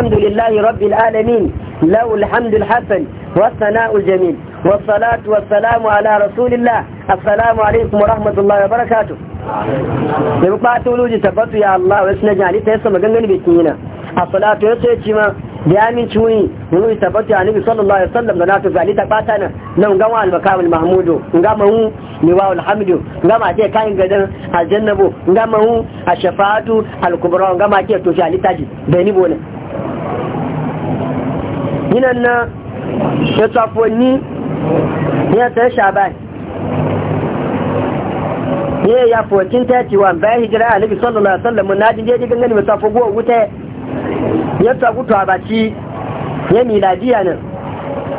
الحمد لله رب العالمين له الحمد الحسن والثناء الجميل والصلاة والسلام على رسول الله السلام عليكم ورحمة الله وبركاته da bukatu luji tabbatu ya Allah wasu na jali ta yasa magangan bikin a salatu ya ce ci ma da ya min tabbatu ya nabi sallallahu alaihi wasallam da na to gali ta bata na nan gama al-makamul mahmudu gama hu ni wa alhamdu gama ce kayan gadan aljannabu gama hu a shafa'atu al-kubra gama ce to jali ta ji da ni bonan yinan na ya tsafonni ya ta shaban ya ya fokin tacewa bayan hijira a nabi sallallahu alaihi wasallam na jin jeji gangani mai safo gowa wuta ya ta tsaku to abaci ya miladiya nan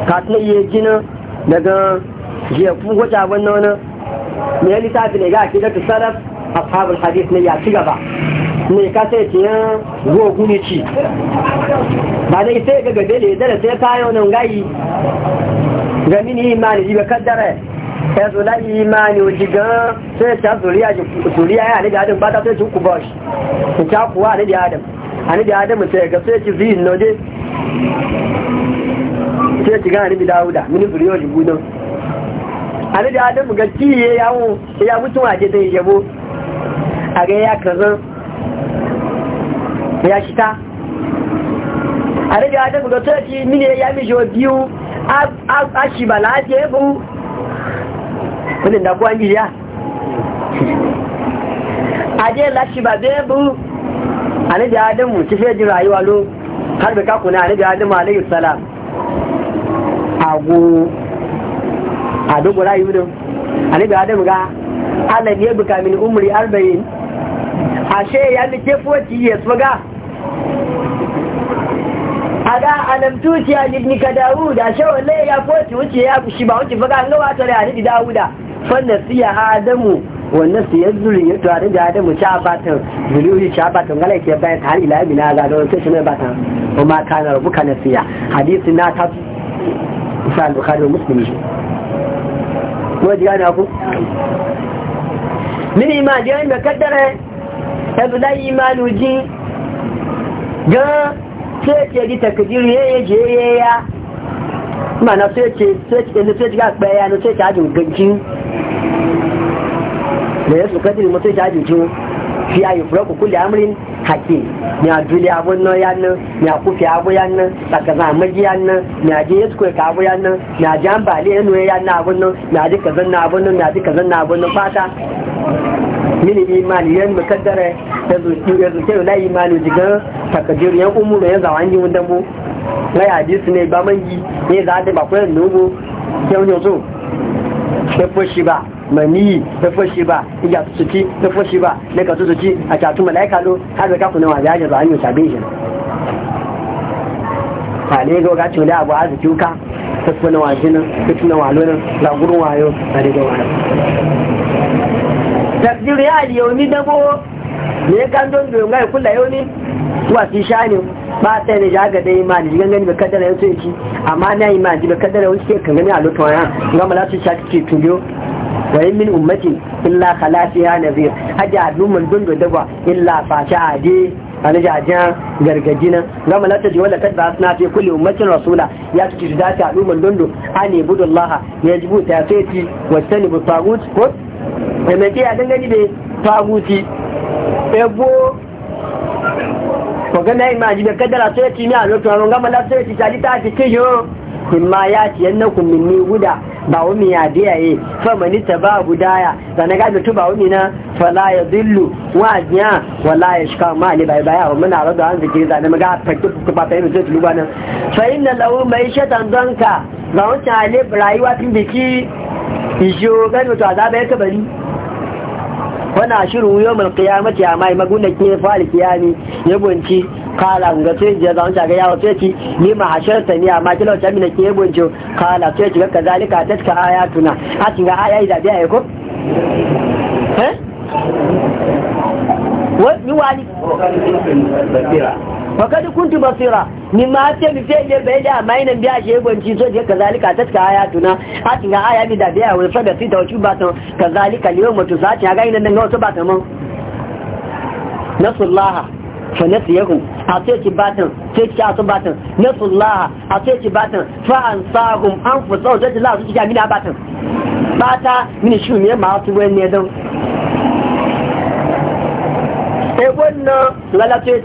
kafin iya jinin daga jefun wata wannan wani mai littafi ne ga akidatu salaf ashabul hadith ne ya ci gaba mai kasa ce yan gogu ne ci ba dai sai ga gabe da dare sai kayo nan gayi ga mini imani ji kaddara ya zo imani o jiga sai ta zuriya ya ne da adam ba sai ku bosh ku ta kuwa ne da adam ani da adam sai ga sai ci zin no je sai ci ga bi dauda mini zuriya ji gudan ani da adam ga kiye yawo ya mutuwa je dai yabo a ga ya kazan ya shita a rage a ta gudu turki mini ya mishi wa biyu a shi ba lati ya bu kudin da kuwa giya a je lashi ba zai bu a rage a adamu mu cife jin rayuwa lo har da kakuna a rage a adamu alayhi salam agu a dogo rayu din a rage a adamu ga allah ne buka mini umuri arba'in a shi ya mi ke 40 years ga ada alam tuciya ibn kadawuda shawalle ya foci wuce ya kushi ba wuce baka ga wata da hadisi dawuda fanna siya adamu wannan siya zuri ya tare da adamu cha batan zuri yi cha batan gala ke bayan har ila na ga da wannan shi ne batan ka na rubuka na siya hadisi na ta sa bukhari muslim muslimi ko ji gane ku ni ma je mai kaddara ta bulai ji ga sai ke ji takajir ya ya je ya ya mana sai ce sai ce ne sai ga kpaya ne sai ta jin ganci da ya suka ji mutum ta jin jin fi ayi fura ku kulli amrin hakki ya duli abun no yan nan ya fi abu yan nan daga zamaji yan ne ya je ya suka ka abu yan ne ya ji ambali le no yan abun nan ya ji kazan na abun nan ya ji kazan na abun no fata mini imani yan mukaddara yanzu yanzu kai na imani jigan takajir yan umuru yan zawa yi wanda bu wai hadisi ne ba mangi ne za a taba kwayar nogo yau ne so tafo shi ba mani tafo shi ba iya su ci tafo shi ba na ka su ci a catu malaika lo har da kafin na zai ajiyar zawa yi sabin shi ale ga ga cewa abu zuki ka kuma na wajen nan tuna na walo nan wayo a daga wani ne kan don da ngai kula yau ne wa shi shani ba ta ne ja ga dai imani jigan gani ba kaddara yau sai amma na imani ba kaddara yau sai kan gani a lokacin ya ga mala sha shaki ke tuyo wa yin min ummati illa khala fiha nazir haja dumun dun da dagwa illa fa a na jajen gargaji nan ji na ta da suna fi kulle umarcin rasula ya ci su dace a ɗumin dundu a ne budun laha ya ji buta ya sai ci wasu ne bu fagut ko da mai ya gangani da faguti ebo magana ima ji da kadara sai ci ni a lokacin ron gama la sai ci tali ta ci kiyo imma ya ci yanna kun guda ba wani ya biya yi fa ni ta ba gudaya da na gaji tu ba wani na fala ya dillu wa jiya wala ya shika ma ne bai baya wa muna rada an zikiri da na maga fakki ku ba fayin zai tuluba nan fa inna lahu mai shatan donka ga wancan ale rayuwa tun biki ijo gani to azaba ya kabari wana shiru yau mal kiyamati a mai magunan ke fara kiyami ya bunci kala ga sai je zaun shaga yawa sai ci ni ma ta ni amma kila ta mina ke bunci kala sai ci ga kazalika aya ayatuna a cikin ga ayayi da biya ko eh wa ni wali fakad kunti basira ni ma ce mi fiye je da mai nan biya she gwanci so je kazalika ta ka aya tuna a tin ga aya mi da biya wai fa da wacu ba ta kazalika liyo mutu za ta ga nan ga wasu ba ta mun nasullah fa nasiyahu a ce ki batan ce ki asu batan nasullah a ce ki batan fa ansahum anfusahum zati la su ki ga ba ta batan ta mini shi ne ma su wani ne don ebon na lalace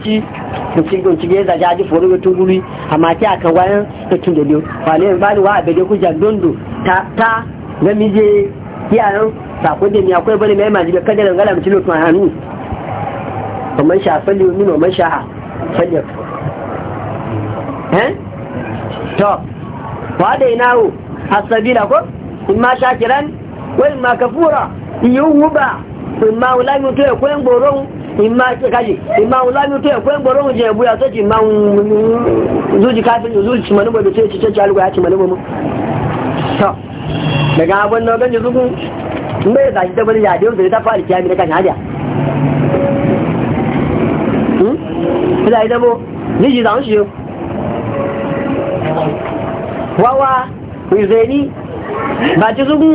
mutum don cike da jaji foro ga tuguri amma ki akan wayan ta tun da liyo wale ba ni wa abe da ku jandondo ta ta ga mije kiyayen sakon da ni akwai bane mai maji ga kadarin gala mutum lokacin hannu kamar sha falli min wa man sha falli eh to wa da ina ho asabila ko in ma shakiran wa in ma kafura yuhuba in ma wula mutu ya koyan goron ìmá kẹkàjì ìmá òun lámì tó ẹ̀kọ́ ẹgbọ̀rọ̀ òun jẹ ìbúyà tó ti máa ń zújì káfíìn zújì tìmọ̀ níbo ibi tó ti tẹ́tí alùpùpù àti tìmọ̀ níbo mọ́. tọ́ daga abọ́ náà gẹ́gẹ́ zúgún mbẹ́ ìgbà tí tẹ́gbọ́n yà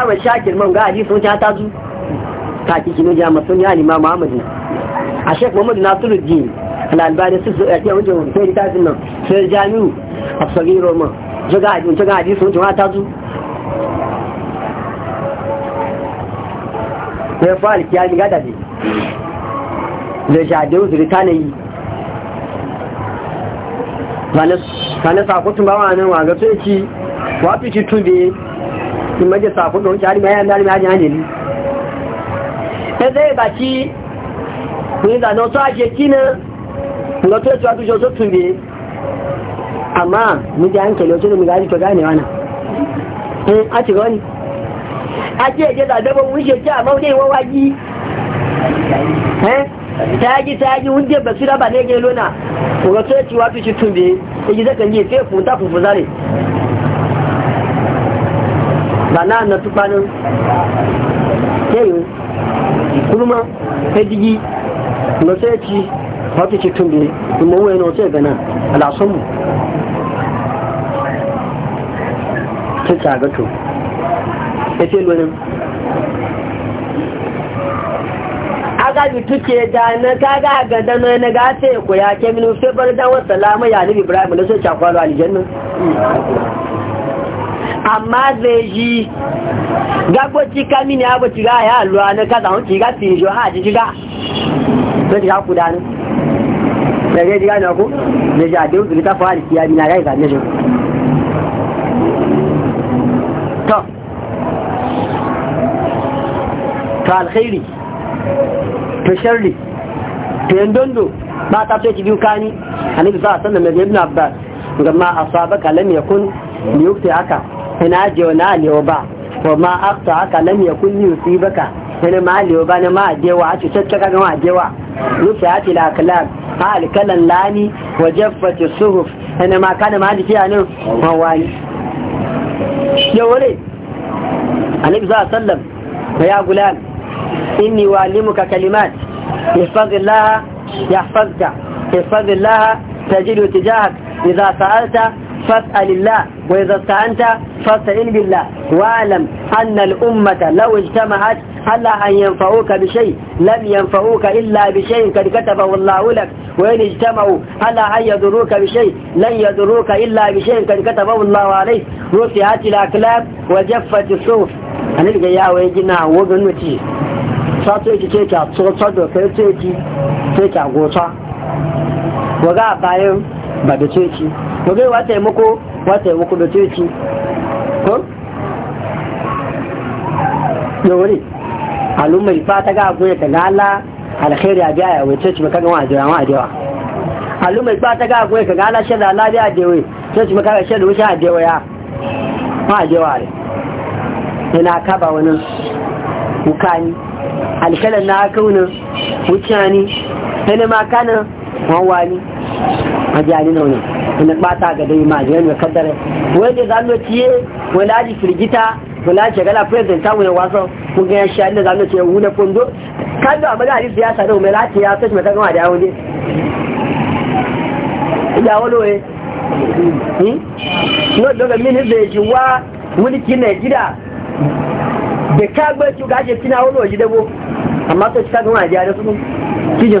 ahmad shakir man ga hadisi wata ta zu ta ki kino ja masu ya imam muhammad ne a shek muhammad nasiruddin al-albani su ya ce wajen sai ta nan sai jami'u as-sagiru man jaga hadisi jaga hadisi wata ta zu sai fara kiyami gada ne da jadon zurita na yi kane sakotun ba wa nan wa ga sai ki ci wafi ci tube ti mẹ́jẹ̀ sọ àkókò oúnjẹ àríwá ẹ̀rọ àríwá àríwá àjẹ́ ní ẹgbẹ́ ìgbà tí ìrìnlànà tó àjẹ́ kí ní ǹkan tó ẹ̀tọ́ àtúnṣe tó tún lè àmá níjẹ́ àǹkẹ̀lẹ̀ tó lómi gáàrí tọ́gá ní wánà àti rọ́ ni àti ẹ̀jẹ̀ tàbẹ́bọ̀ ń ṣe tí àmọ́ ní ìwọ́n wájí tagi tagi wunde basira ba ne gelo na ko to ci wa fi ci tumbe e ji zaka ji fe fun ta fun fuzare bana na tubanin yayin kurma ta digi na sai ci wata ce tun da kuma wani na sai gana alasun mu ta tsagato ya ce lonin agaji tuke da na kaga ga dana na sai ya koya kemino sai bar dawar salama ya nabi ibrahim na sai shakwalo aljannan amma zai yi gagboci kami ne abu ci ya luwa na kaza hunci ga fi jo ha ji jiga zai ji haku dani da zai jiga na ku da ji adeu zuri ta fara siya mina ya yi zane shi to to alkhairi to sharri to yandondo ba ta so ki biyu kani annabi sallallahu a wasallam da ibn abbas gamma asabaka lam aka ina je na aliyo ba wa ma afta haka lam yakun baka ina ma aliyo ba ne ma ajewa a cutar ta ga ma ajewa rufe ati la kalab ha alkalan lani wa jaffati suhuf ina ma kan ma ya ne mawani yawale annabi sallallahu alaihi sallam ya gulan inni walimuka kalimat ihfazillaha yahfazka ihfazillaha تجد تجاهك إذا سألت فاسأل الله وإذا استعنت فاستعن بالله واعلم أن الأمة لو اجتمعت هل أن ينفعوك بشيء لم ينفعوك إلا بشيء قد كتبه الله لك وإن اجتمعوا هل أن يضروك بشيء لن يضروك إلا بشيء قد كتبه الله عليك رفعت الأكلام وجفت الصوف هنلقى يا ويجينا وقن وتي صوتي تيتا صوت صدو كيتي تيتا غوصا waga a bayan ba da ceci waga yi wata yamako wata yamako da ceci ko? yawon al'umma ifa ta ga abu ta gala alkhairi a biya yawon ceci maka gama a jira a dewa al'umma ifa ta ga abu ta gala shan da a dewa ceci maka ga shan da wuce a dewa ya ma a dewa ne yana kaba wani wukani alkalan na haka wunin ne yana na. wọn wá ní ajé àníná ọ̀nà ìní pátá gàdé ìmọ̀ àjẹ́ ẹnu ẹ̀kọ́dẹ̀rẹ̀ wọ́n dé zanú tí yé wọ́n láti fìrìgítà wọ́n láti ṣẹ̀gálà president táwọn ẹ̀wà sọ wọ́n gẹ̀ tí yẹ ó gáṣe sínú àwọn olóòjì dẹ́gbó àmọ́ tó ti sàgbọ́n àdé àdé fún kíjọ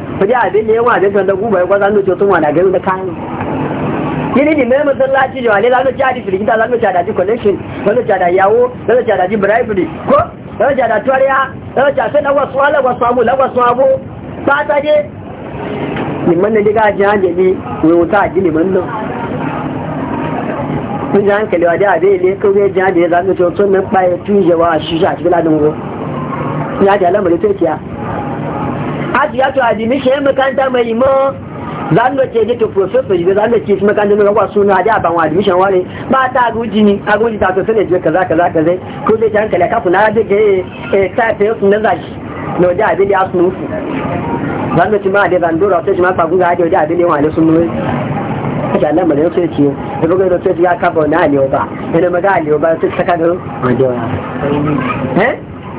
kuje abin da yawa daga da guba ya kwaza ndo to tuma na gari da kan yi ne mai masallaci da wale zanu ci adi firgita zan ci adaji collection zanu ci adaji yawo zanu ci adaji bribery ko zanu ci adaji tuwariya zanu ci adaji lagwa suwa lagwa suwabu lagwa suwabu ta ta je liman da diga ajiyar jeli ne wuta a ji liman nan kun ji hankali wa da abin ne kawai jihar da zan zanu ci wasu nan ɓaya tuyi jawa a shisha a cikin ladin ruwa ya ce alamari tukiya aji ya to adimi shi makaranta mai imo zan da ce to professor ji zan da ce shi makaranta mai kwa suna da ban wa admission wani ba ta guji ni a guji ta to sai je kaza kaza kaza ko dai kan kala kafu na da ke eh type yau na zaki no da abin ya sunu fu zan da ma da zan dora sai ma fa guga da abin ne wani sunu ake Allah mai sai ce da bugu da sai ya kaba na aliyo ba ina maga aliyo ba sai saka da wajewa eh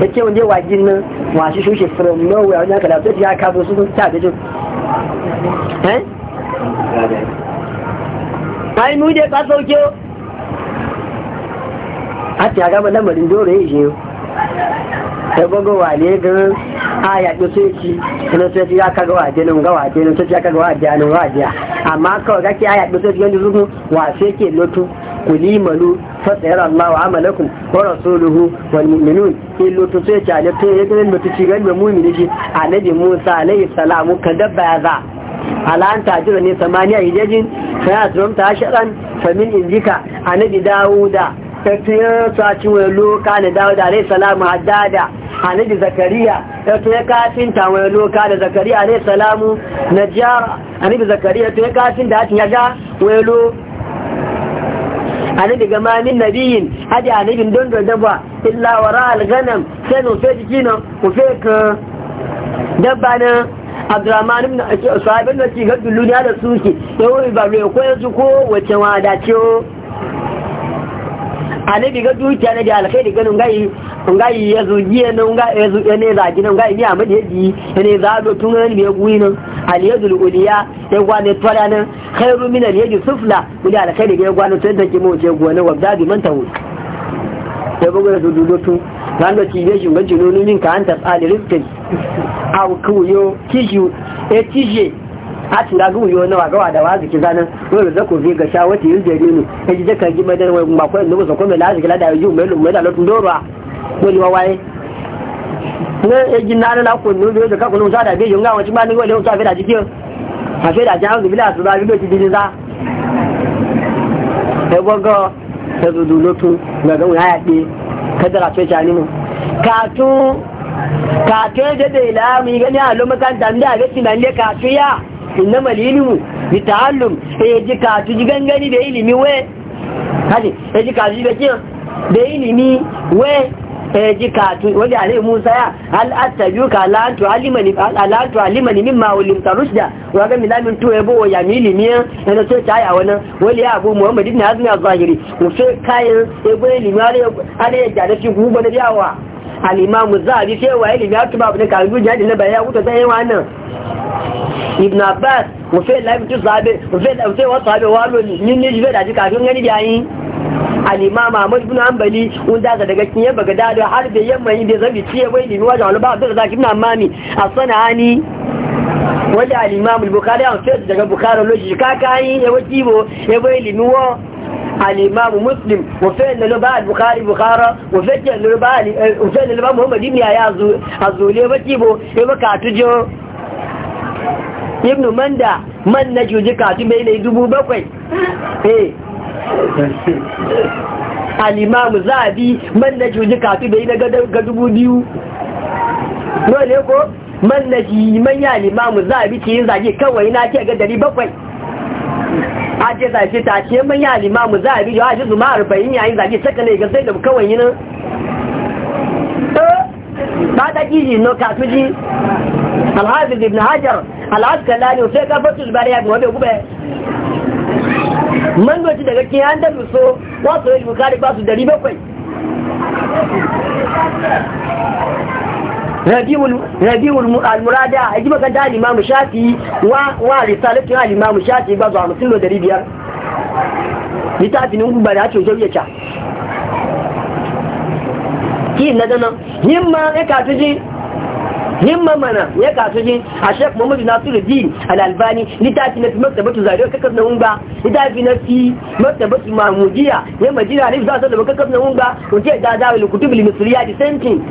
da ke wanda yawa ginin masu shushe from norway wani haka lafiya ya kabo su sun da jin eh ai mu da ka sauke a ta gama lamarin dole ya je ta gogo wale gan a ya ɗi so ci kuma so ci ya ka ga waje nan ga waje nan so ci ya ka ga waje nan waje amma kawai ga ki a ya ɗi ci yanzu zugun wa sai ke lotu kuli malu fasayar Allah wa amalakun wa rasuluhu wal mu'minun in lutu sai ta ale to yake nan mutu ci gani da mu'min ne shi annabi Musa alaihi salamu ka dabba ya za alan ta jira ne samaniya hijajin fa ya zum ta shadan fa min indika annabi Dawuda ta tiyo ta ci wa loka ne Dawuda alaihi salamu haddada annabi Zakariya ta to ya kafin ta wa loka da Zakariya alaihi salamu najja annabi Zakariya to ya kafin da ya ga wa annabi ga ma nabiyin hadi annabin don don dabba illa wara alganam sai no sai jiki nan ku ka dabba na Abdurrahman ibn sahabin da ke gaddu duniya da suke yawon ba ne ko yanzu ko wace ma da wadace annabi ga dukiya na da alkhairi ganin gayi gayi yazo giye nan gayi yazo ne zagi nan gayi ni amadi yaji ne za do tun ne ya guyi nan aliyadul uliya ya gwane twala nan khairu min aliyadi sufla wuli alkhairi ga ya gwane tun da ke mawace gwane wabda bi man tawo ya bugu da dudutu ran da ci yashin ganci nonin yin ka an tasali rizkin aw kuyo tiju e tije a tura gun yo nawa gawa da wazi ki zanan wani da ku fi ga wata yin jere ne ya ji gima da wani makwai da musa kome la'aziki lada yi yi mai lumai da lotun doro ni wani wawaye ne e jin la ko ka ko da be yo nga wa ti ba ni wele o ta fe da ji a fe da ja o bila so ba bi be ti e bo go ta e, du du lo tu na ya ti ka da ra fe ni mu ka tu ka de de la mi ga ni a lo makan da mi da ga ti na le ka tu ya inna bi ta'allum e ji ka tu ji gangani ilimi we e ji ka ji ilimi we sai ji wani alai musa ya hal attabiu ka alantu alimani min antu alimani mimma ulim tarushda wa ga milamin to bo ya mili miya yana to ta ya wani wali ya abu muhammadu na azumi a zahiri ko sai kayan ebo limare ale ya da shi gugu na yawa alimamu imam zabi sai wa ilimi ya tuba bin karibu jihadi na bayan wuta sai nan. ibn abbas ko laifin labi tu zabe ko sai sai wa sahabe walo ni ni jibe da ji kafin gani al-imam Ahmad ibn Hanbali wanda daga daga kin yaba gada da har da yamma yin da zabi ciye bai limi wajen alba da zaki ibn Ammani as wanda al al-Bukhari an sai daga Bukhari loji kaka yi ya wajibo ya bai limi wa الإمام مسلم وفعل لباء البخاري بخارة وفعل لباء وفعل لباء محمد بن ya الزولي وكيبو يبقى alimamu zabi man na juji kafi bai na ga dubu biyu nole ko man na ji man ya alimamu zabi ce yin zage kawai na ke ga dari bakwai Ake zage ta ce man ya alimamu zabi yau aji zuma arba'in yayin zage saka ne ga sai da kawai yi nan eh? ba ta kiji no alhazi zibin hajjar hajar al'askalani sai ka fatul bariya ga wabe gube man daga kin an da so wato yi bukari ba su dari bakwai al-murada a ji makanta al-imamu shafi wa risalatun al-imamu shafi ba zuwa mutum da dari biyar littafin da hacin zai yaca ki na danan yin ma ya katuji himma mana ya kasu jin a shek muhammadu nasiru din al'albani littafi na fi maktabatu zariya kakas na wunga littafi na fi maktabatu mahmudiya ya majina ne za su da kakas na wunga kunce da da wani kutubu limisiriya di sentin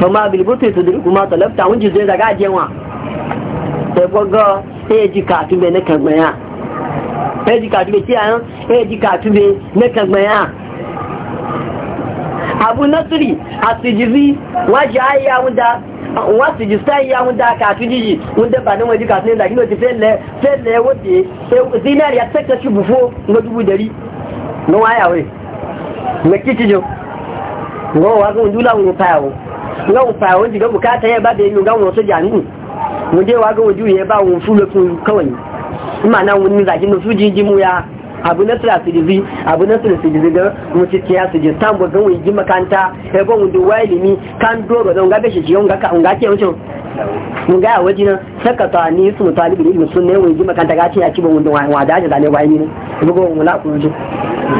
fama bilbutu su duri kuma talabta wunji zai daga ajiyanwa sai gwaga sai ji katu bai na kagbaya sai ji katu bai kiyayen sai ji katu bai na kagbaya abu nasiri a sijizi waje ayya wunda wasu ji ya wunda ka tu wunda ba nan waje ka tunin da kino ti felle felle wote zinar ya tsaka shi bufo na dubu dari no aya we me kici jo ngo wa go ndula ngo pawo ngo pawo ndi go bukata ya ba be mi ngo ngo so janu wunde wa go wuju ye ba wun fulo kun kawai imana wun ni da kino su mu ya abu na sura su jizi abu na sura su jizi ga mutu tiya su jizi tambo ga wani makanta ya ba wani duwa ilimi kan dogo don gaga shi shiyon gaka ke wucin mun ga waje na? saka ta ni su talibin ilmi sun ne wani makanta ga ce ya ci ba wani wa da da ne wai ni ne ko mu la ku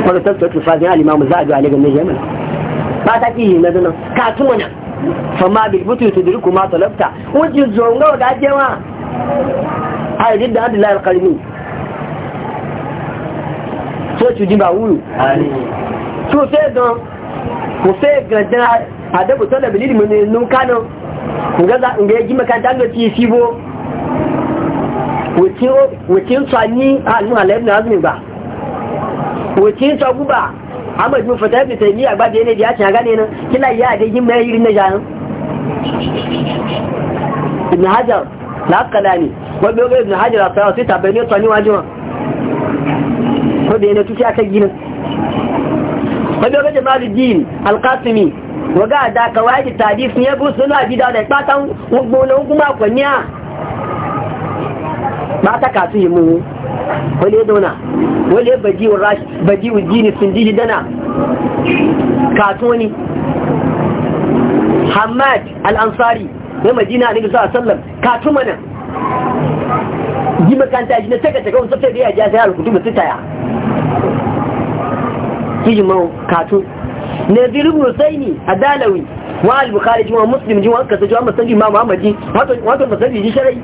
ko ta tsotsu fa alimamu za a ji ne ba ta ki na dana ka fama tudriku ma talabta wajin ga a yadda Abdullahi al-Qarni tí ó ti jí bá wúrù tí ó fẹ́ gan kò fẹ́ gan dán àdẹ́bò tọ́lẹ̀ bìlì mọ̀ nínú kánà ǹgẹ́ jí mẹ́ka dágbé ti fi bó wòtí ń sọ ní àánú àlẹ́bìnà azùmìgbà wòtí ń sọ gúbà amadu fata ibn taymiya ba da ya ci gane ya na jahan ibn hajar la ya fadena tuci aka gina wadda ga jamaluddin alqasimi waga da kawai sun yi bu suna gida da patan gbona kuma kwanya ba ta kasu yi mu wale dona wale baji wa rashi baji wa jini sun ji dana katoni hamad al-ansari na madina ne bisa sallam katu mana yi makanta ji na saka saka wasu sai da ya ja sai al-kutubu sitaya kijimau katu nazir ibn husaini adalawi wa al-bukhari jiwa muslim jiwa ka sai jima sanji imam ahmadi wato wato masanji ji sharai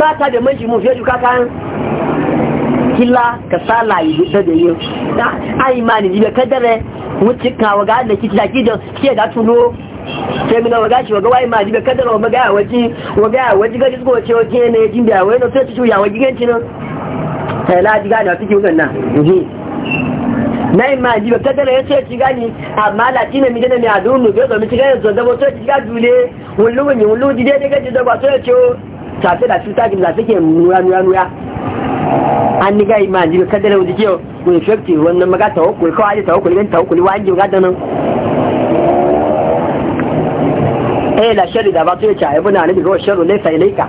ba ta da manji mu fiye duka kan killa ka sala yi da da yi da ai mani ji da kadare wuce ka ga da kici da kiji ke da tuno sai mina waga shi ga wai mani da kadare wa ya waji wa ga waji ga disko ce wa ke ne jin da wai no sai ci ya waji gancin nan sai eh, laji gani a cikin wannan ji na yi maji ba tattara ya ce ci gani amma latina mi mijina mai adu dunu bai zo mi ci gani zonza ba to ci ga dule wulluwun yi wullu jide ne daga zaba ba to ya ce tafi da cuta gina suke nura nura nura an ni gai maji ba tattara wani ke wani shakti wannan maga tawakul kawai tawakkul gan tawakkul wa an ji ga danan eh la shari da ba to ya ce ayi buna ne ga shari ne sai laika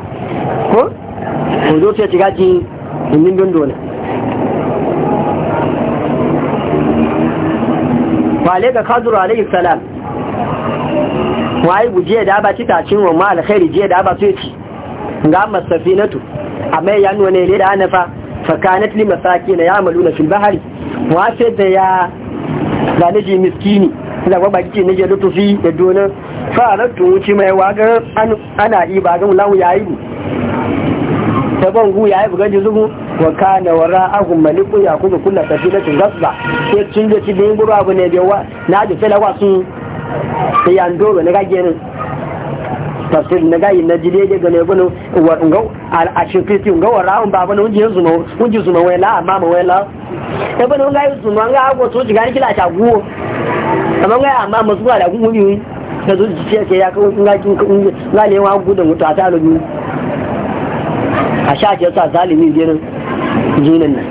ko ko zo ce ci gaji hinnin don dole wale ga kaduru alayhi salam buje da ba cita cin wa ma alkhairi je da ba so ci ga masafinatu amma ya nuna ne da anafa fa kanat li masakin ya'maluna fil bahri wa sai da ya da miskini da ba baki ne je lutufi da dona fa ratu tuci mai waga ana yi ba ga lawo yayi taban gu ya yi bugan ji wa kana wa ahun malikun ya kuzu kula cin gasba sai cin da cibin guru abu ne da yawa na ji filawa sun da yandoro na gajenin tafsir na gayi na jide ya gane gano wa nga a kristi nga wa raun ba bane unji zuma unji zuma wai la amma ma wai la e bana nga yi zuma nga ago to jigani kila ta guwo amma nga amma ma zuwa da gumu yi da zuci ce ya kawo ka nga nga ne wa wuta ta lobi a sha ce sa zalimin jirin junan nan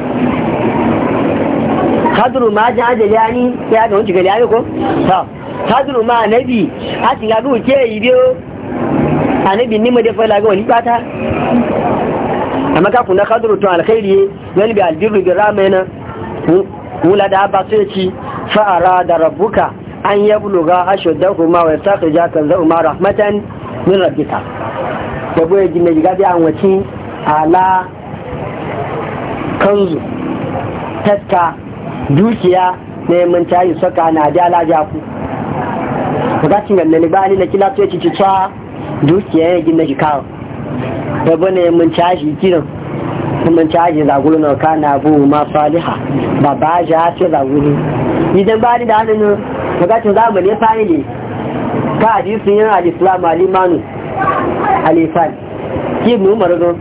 kadru ma jan ajali ani ya ga wuce gali ayo ko ta kadru ma nabi a ti ga ke yi biyo anabi ni mu da fa laga wani bata amma ka kuna kadru to alkhairi wani bi albirru bi ramena wula da ba sai ci fa arada rabbuka an yabluga ashuddahuma wa yastakhrija kanza umma rahmatan min rabbika gbogbo ejime jiga bi àwọn tí ala kanzu tatta dukiya na yamman cayi saka na jala jaku bukacin ba ni na kila tuwa ci tsa dukiya ya gina shi kawo da bane yamman cayi kiran yamman cayi zagulu na ka na abu ma faliha ba ba ja ce zagulu idan ni da hannun bukacin zamani ya fani ne ka hadisun yin al-islam al-imanu ki ibn umar zo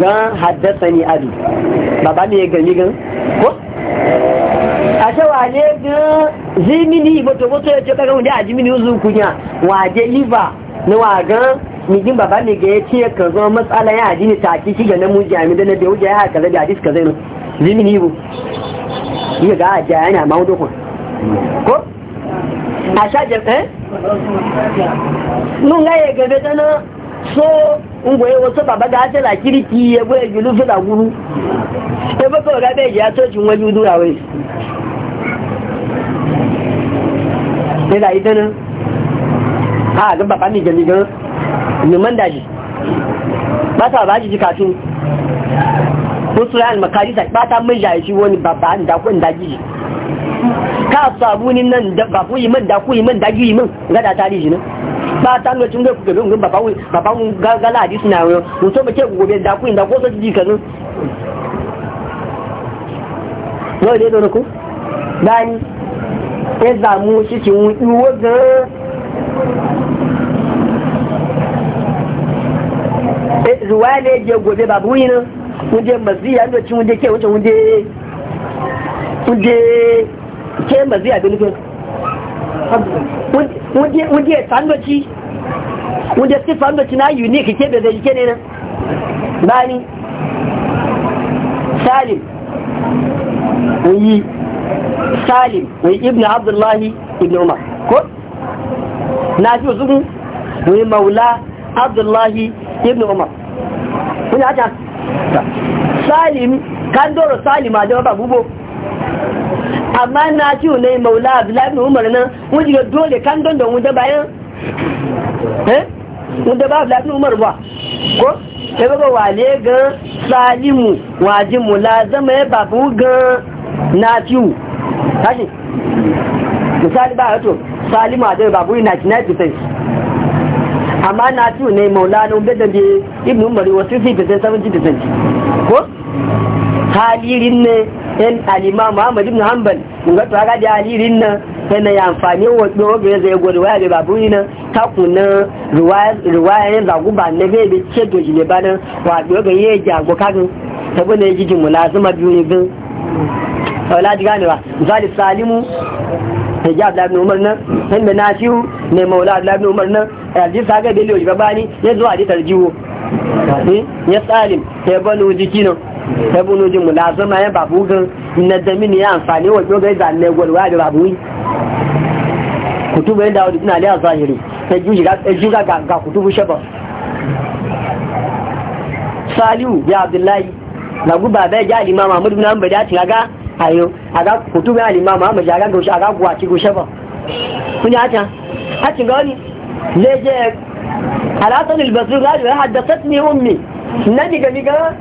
ga haddasa ni abi ba ne ya gani gan ko a ce waje ga zimini boto boto ya ce kaga wanda a jimini uzun kunya waje liver na wagan mijin ba ne ga ya ce ka zo matsala ya addini ta ki shiga na mu jami da na da wuja ya kaza da diska zai ne zimini bu yi ga aja yana ma wudo ko ko a sha jam eh? nun ga ya gabe dana so ngwe wasu baba ga tana kirki e e e ya gwe julu fi daguru ya baka ga bai ya tocin wani udura wai ne da ita nan a ga baba ni gani gan numan daji ba ta ba ji jikatu wasu ya almakari ta ba wani baba ni da kun daji ka sabu nan yi da ku yi daji yi ba ta lo cin ku gabe ngun baba gagala hadisi na yo mun to gobe da ku inda ko so ji kanu no le don ku dani e mu shi ci mu iwo ga e ne je gobe babu yi nan maziya ndo ci mun ke wuce ke wuje sandoci wuje si sandoci na unique ke da zai jike ne nan bani salim wuyi salim wuyi ibn abdullahi ibn umar ko na fi zuru wuyi maula abdullahi ibn umar wani haka salim kan doro salima jama ba gubo amma na ci ne maula abdullahi umar nan mun ji dole kan don don wanda bayan eh wanda ba abdullahi umar ba ko sai ba wale ga salimu wajimu la zama ya babu ga na ciu kashi misali ba yato salimu a dai babu 99% amma na ciu ne maula na umar da ibn umar wasu 50% 70% ko halirin ne yan alima muhammad ibn hanbal mun ga tuwa gaji alirin nan sai na yi amfani wa tsoho ga zai go riwaya bai nan ta kuna bai ce wa kagin ta biyu ne bin wala ji ganewa misali salimu ji abdullahi umar nan sai nasiru ne maula abdullahi umar nan yanzu sa ga bani ya zuwa ji tarjiwo hmm? ya salim ya bani jiki nan ta bunu ji mulazama ya babu gan na damini ya amfani wa jogai da ne gwalwa da babu yi kutubu yadda wadda suna liya zahiri na juga ga kutubu shaba saliu ya abdullahi na guba bai ga alimama amadu na ambali a tinaga ayo a ga kutubu ya alimama amadu a ga gaushe a ga guwaci gushe ba kun yi hatan hatin ga wani leje alasan ilbasu ga haddasa ne ummi na diga diga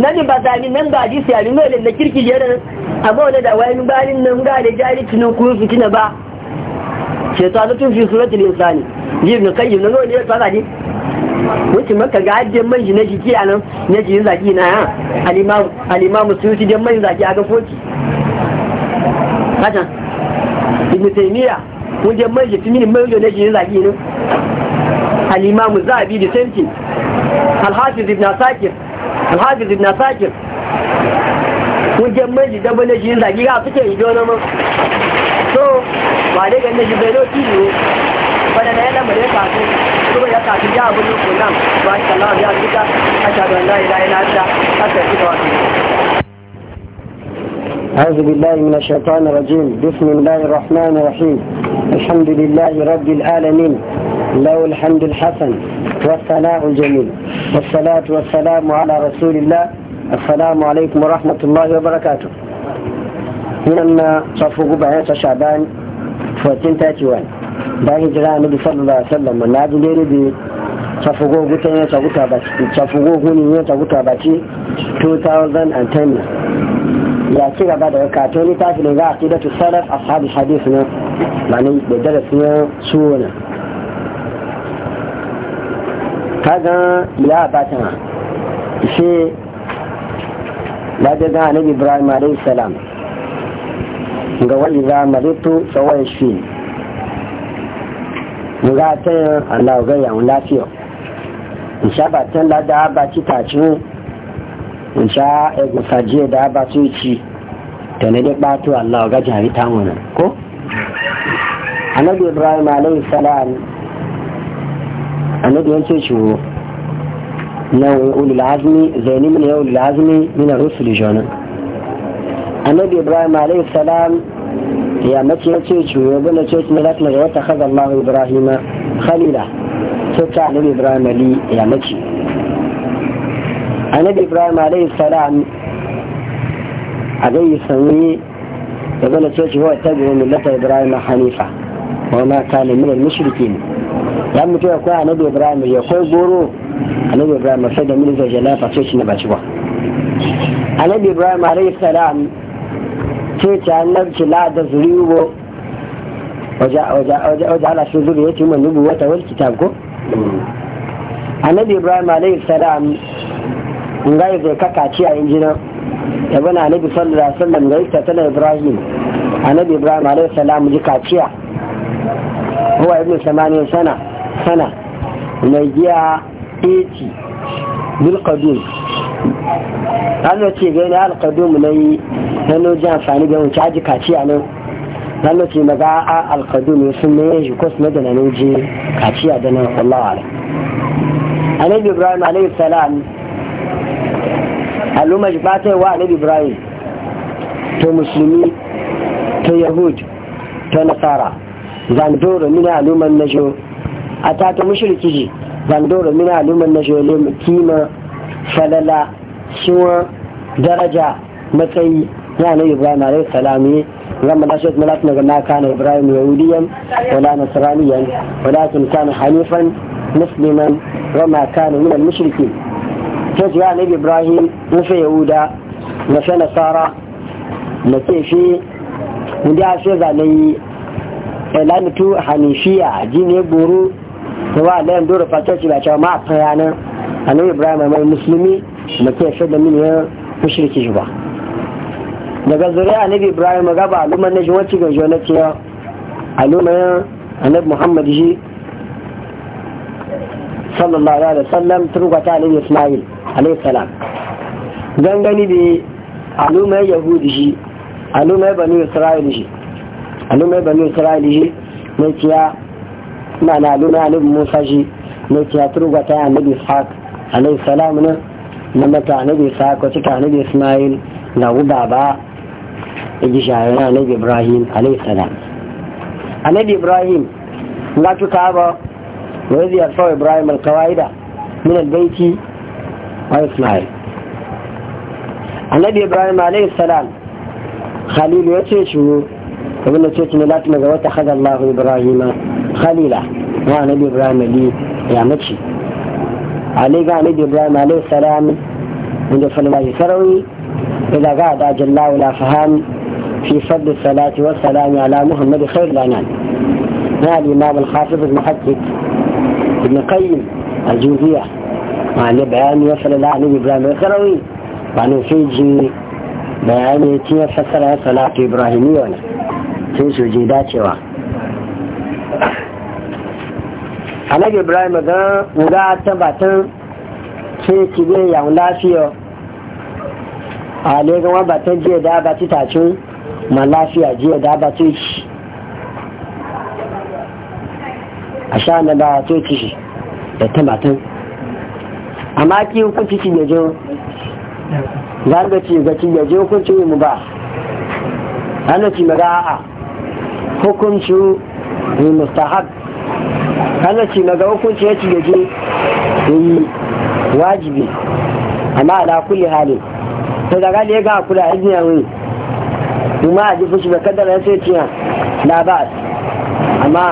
nani ba zami nan ba ji siyari abin mai da kirki jerin amma wani da wani bayanin nan ga da jari tunan kun su tuna ba shaitan tun fi suratul insani ji ibn qayyim nan wani ya tsara ji wuce maka ga hajjin man shi na jiki a nan na zaki na ya alimamu alimamu su yi man zaki a ga foci kacan ibn taymiya wajen man shi tumini man na yin zaki ne alimamu zabi da sentin alhafiz ibn asakir alhafiz ibn sakir wajen mai da bane shi zagi ga suke yi don nan so ba dai ganin shi bai roki ne bada da yana mare kasu kuma ya kasu ya abu ne kullum ba shi Allah ya tuka a shaɗu la ilaha illa anta astaghfiruka wa atubu أعوذ بالله من الشيطان الرجيم بسم الله الرحمن الرحيم الحمد لله رب العالمين له الحمد الحسن والثناء الجميل والصلاة والسلام على رسول الله السلام عليكم ورحمة الله وبركاته من أن صفوق بعيسى شعبان فوتين تاتيوان باقي هجرة النبي صلى الله عليه وسلم والنادي ديري دي صفوق غوتين يتغوتا باتي صفوق غوني يتغوتا باتي 2010 ya ci gaba da kato littafin da za a ƙidatu salaf ashabi hadis ne ba ne da darasin suwa kagan bila ba ta ishe ladaga annabi ibrahim alayhi salam ga wani za maritu tsawon shi ga ta yin allah ga yawon lafiya in sha batan lada ba ci tace in sha egusa jiya da ba su ci ta na dai ɓato allah ga jari ta wunan ko anabi ibrahim alayhi salam النبي ينسيشه نو يقول العزم زيني من يقول العزم من الرسل جانا النبي إبراهيم عليه السلام يا متي ينسيشه يقول نسيش ملاك من يتخذ الله إبراهيم خليلا ستا النبي إبراهيم لي يا متي النبي إبراهيم عليه السلام أبي يسمي يقول نسيشه هو تبعو ملة إبراهيم حنيفة وما كان من المشركين ya mutu ya kwa annabi ibrahim ya kai goro annabi ibrahim sai da mulkin jala fa sai shi ne baci ba annabi ibrahim alayhi salam ce ta annabci la da zuriwo waje waje ala shi zuriya ce mun nubu wata wal kitab ko annabi ibrahim alayhi salam ngai zai kakaci a injina ya bana annabi sallallahu alaihi wasallam gai ta tana ibrahim annabi ibrahim alayhi salam ji kaciya huwa ibnu 80 sana sana mai giya 80 bilkadun ranar ce gani alkadun na yi ranar ji amfani da wuce aji kaciya nan ranar ce maga a alkadun ne sun ne shi ko su da nan ji kaciya da nan wallawa ala annabi ibrahim alayhi salam al'umma shi ba wa annabi ibrahim to musulmi to yahud to nasara zandoro mina al'umman na shi a ta ta mashirki ji zando rumin aluman na jole kima falala suwa daraja matsayi ya na ibrahim alayhi salami zan ba na yahuda na sai nasara na shi mu da shi zanayi hanifiya jini kuma wa alayan dora fata ce ba cewa ma a fayana a nan ibrahim mai musulmi ke shi da mini yan mushriki shi ba daga zuri annabi ibrahim ga ba alumar na shi wacce ga jona ce ya al'ummar annabi muhammad shi sallallahu alaihi wasallam turgwata annabi ismail alaihi salam gani bi alumar yahudi shi alumar banu isra'il shi al'ummar banu isra'il shi ne ciya معنى لنا لمفجي نتيا تروغة عن نبي إسحاق عليه السلام نمتع نبي إسحاق وتكع نبي إسماعيل لو بابا إجي شاهدنا نبي إبراهيم عليه السلام نبي إبراهيم لا تتابع وإذ يرفع إبراهيم القواعدة من البيت وإسماعيل نبي إبراهيم عليه السلام خليل يتشعر ومن يتشعر لا تتخذ الله إبراهيم إبراهيم khalila wa annabi ibrahim ali ya mace ali ga annabi ibrahim alayhi salam inda falmaji sarawi idza ga da jallahu la faham fi sadd salati wa salam ala muhammad khair al-anam ya al-imam al-hafiz al-muhaddith ibn qayyim al-juziyya ma ne bayani ya sallallahu alaihi ibrahim sarawi ba ne sai ji bayani ya fassara salatu ibrahimiyya ne sai su je dacewa alhaji ibrahim ga wuga tabbatar ce ki bai yawon lafiya a legan wabatan jiya da ba ci ma lafiya jiya da ba ci ci a sha na ba to ci shi da tabbatar amma ki hukunci ci gajen zarga ci ga ci gajen hukunci mu ba hannun ci maga a hukunci ni mustahab kana ci na ga hukunci ya ci gaje yi wajibi amma ala kulli hali ta daga da ya ga kula a jiya wani kuma a ji fushi da kadar ya sai ciya na ba amma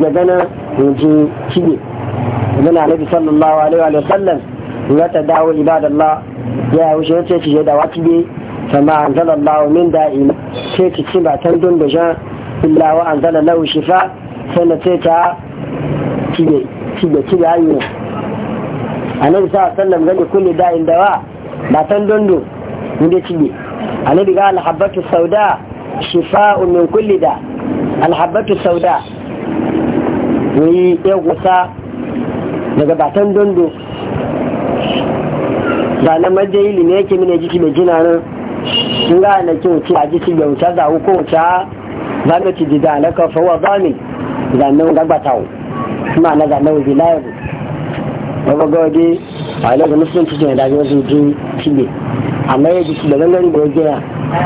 da gana yanzu shi ne muna nabi sallallahu alaihi wa sallam ya ta dawo ibadallah ya yi wuce ya ce ci da wajibi sama anzalallahu min da'in ce ci ci ba tan da shan illa wa an zala lau shifa sai na ce ta kibe kibe kibe ayyu annabi sa sallam gani kulli da'in dawa ba san dondo inda kibe anabi ga alhabatu sauda shifa'u min kulli da alhabatu sauda yi ya gusa daga batan dondo ba na majayili ne yake mina jiki mai jina nan sun ga na kyauci a jiki bai wuce za a hukunta zanu ci jida alaka fa wa zani zanu ga gbatawo kuma na zanu bi layu baba gode ala ga musulunci ne da yau zuji kile a ya ji da gangan da yake ya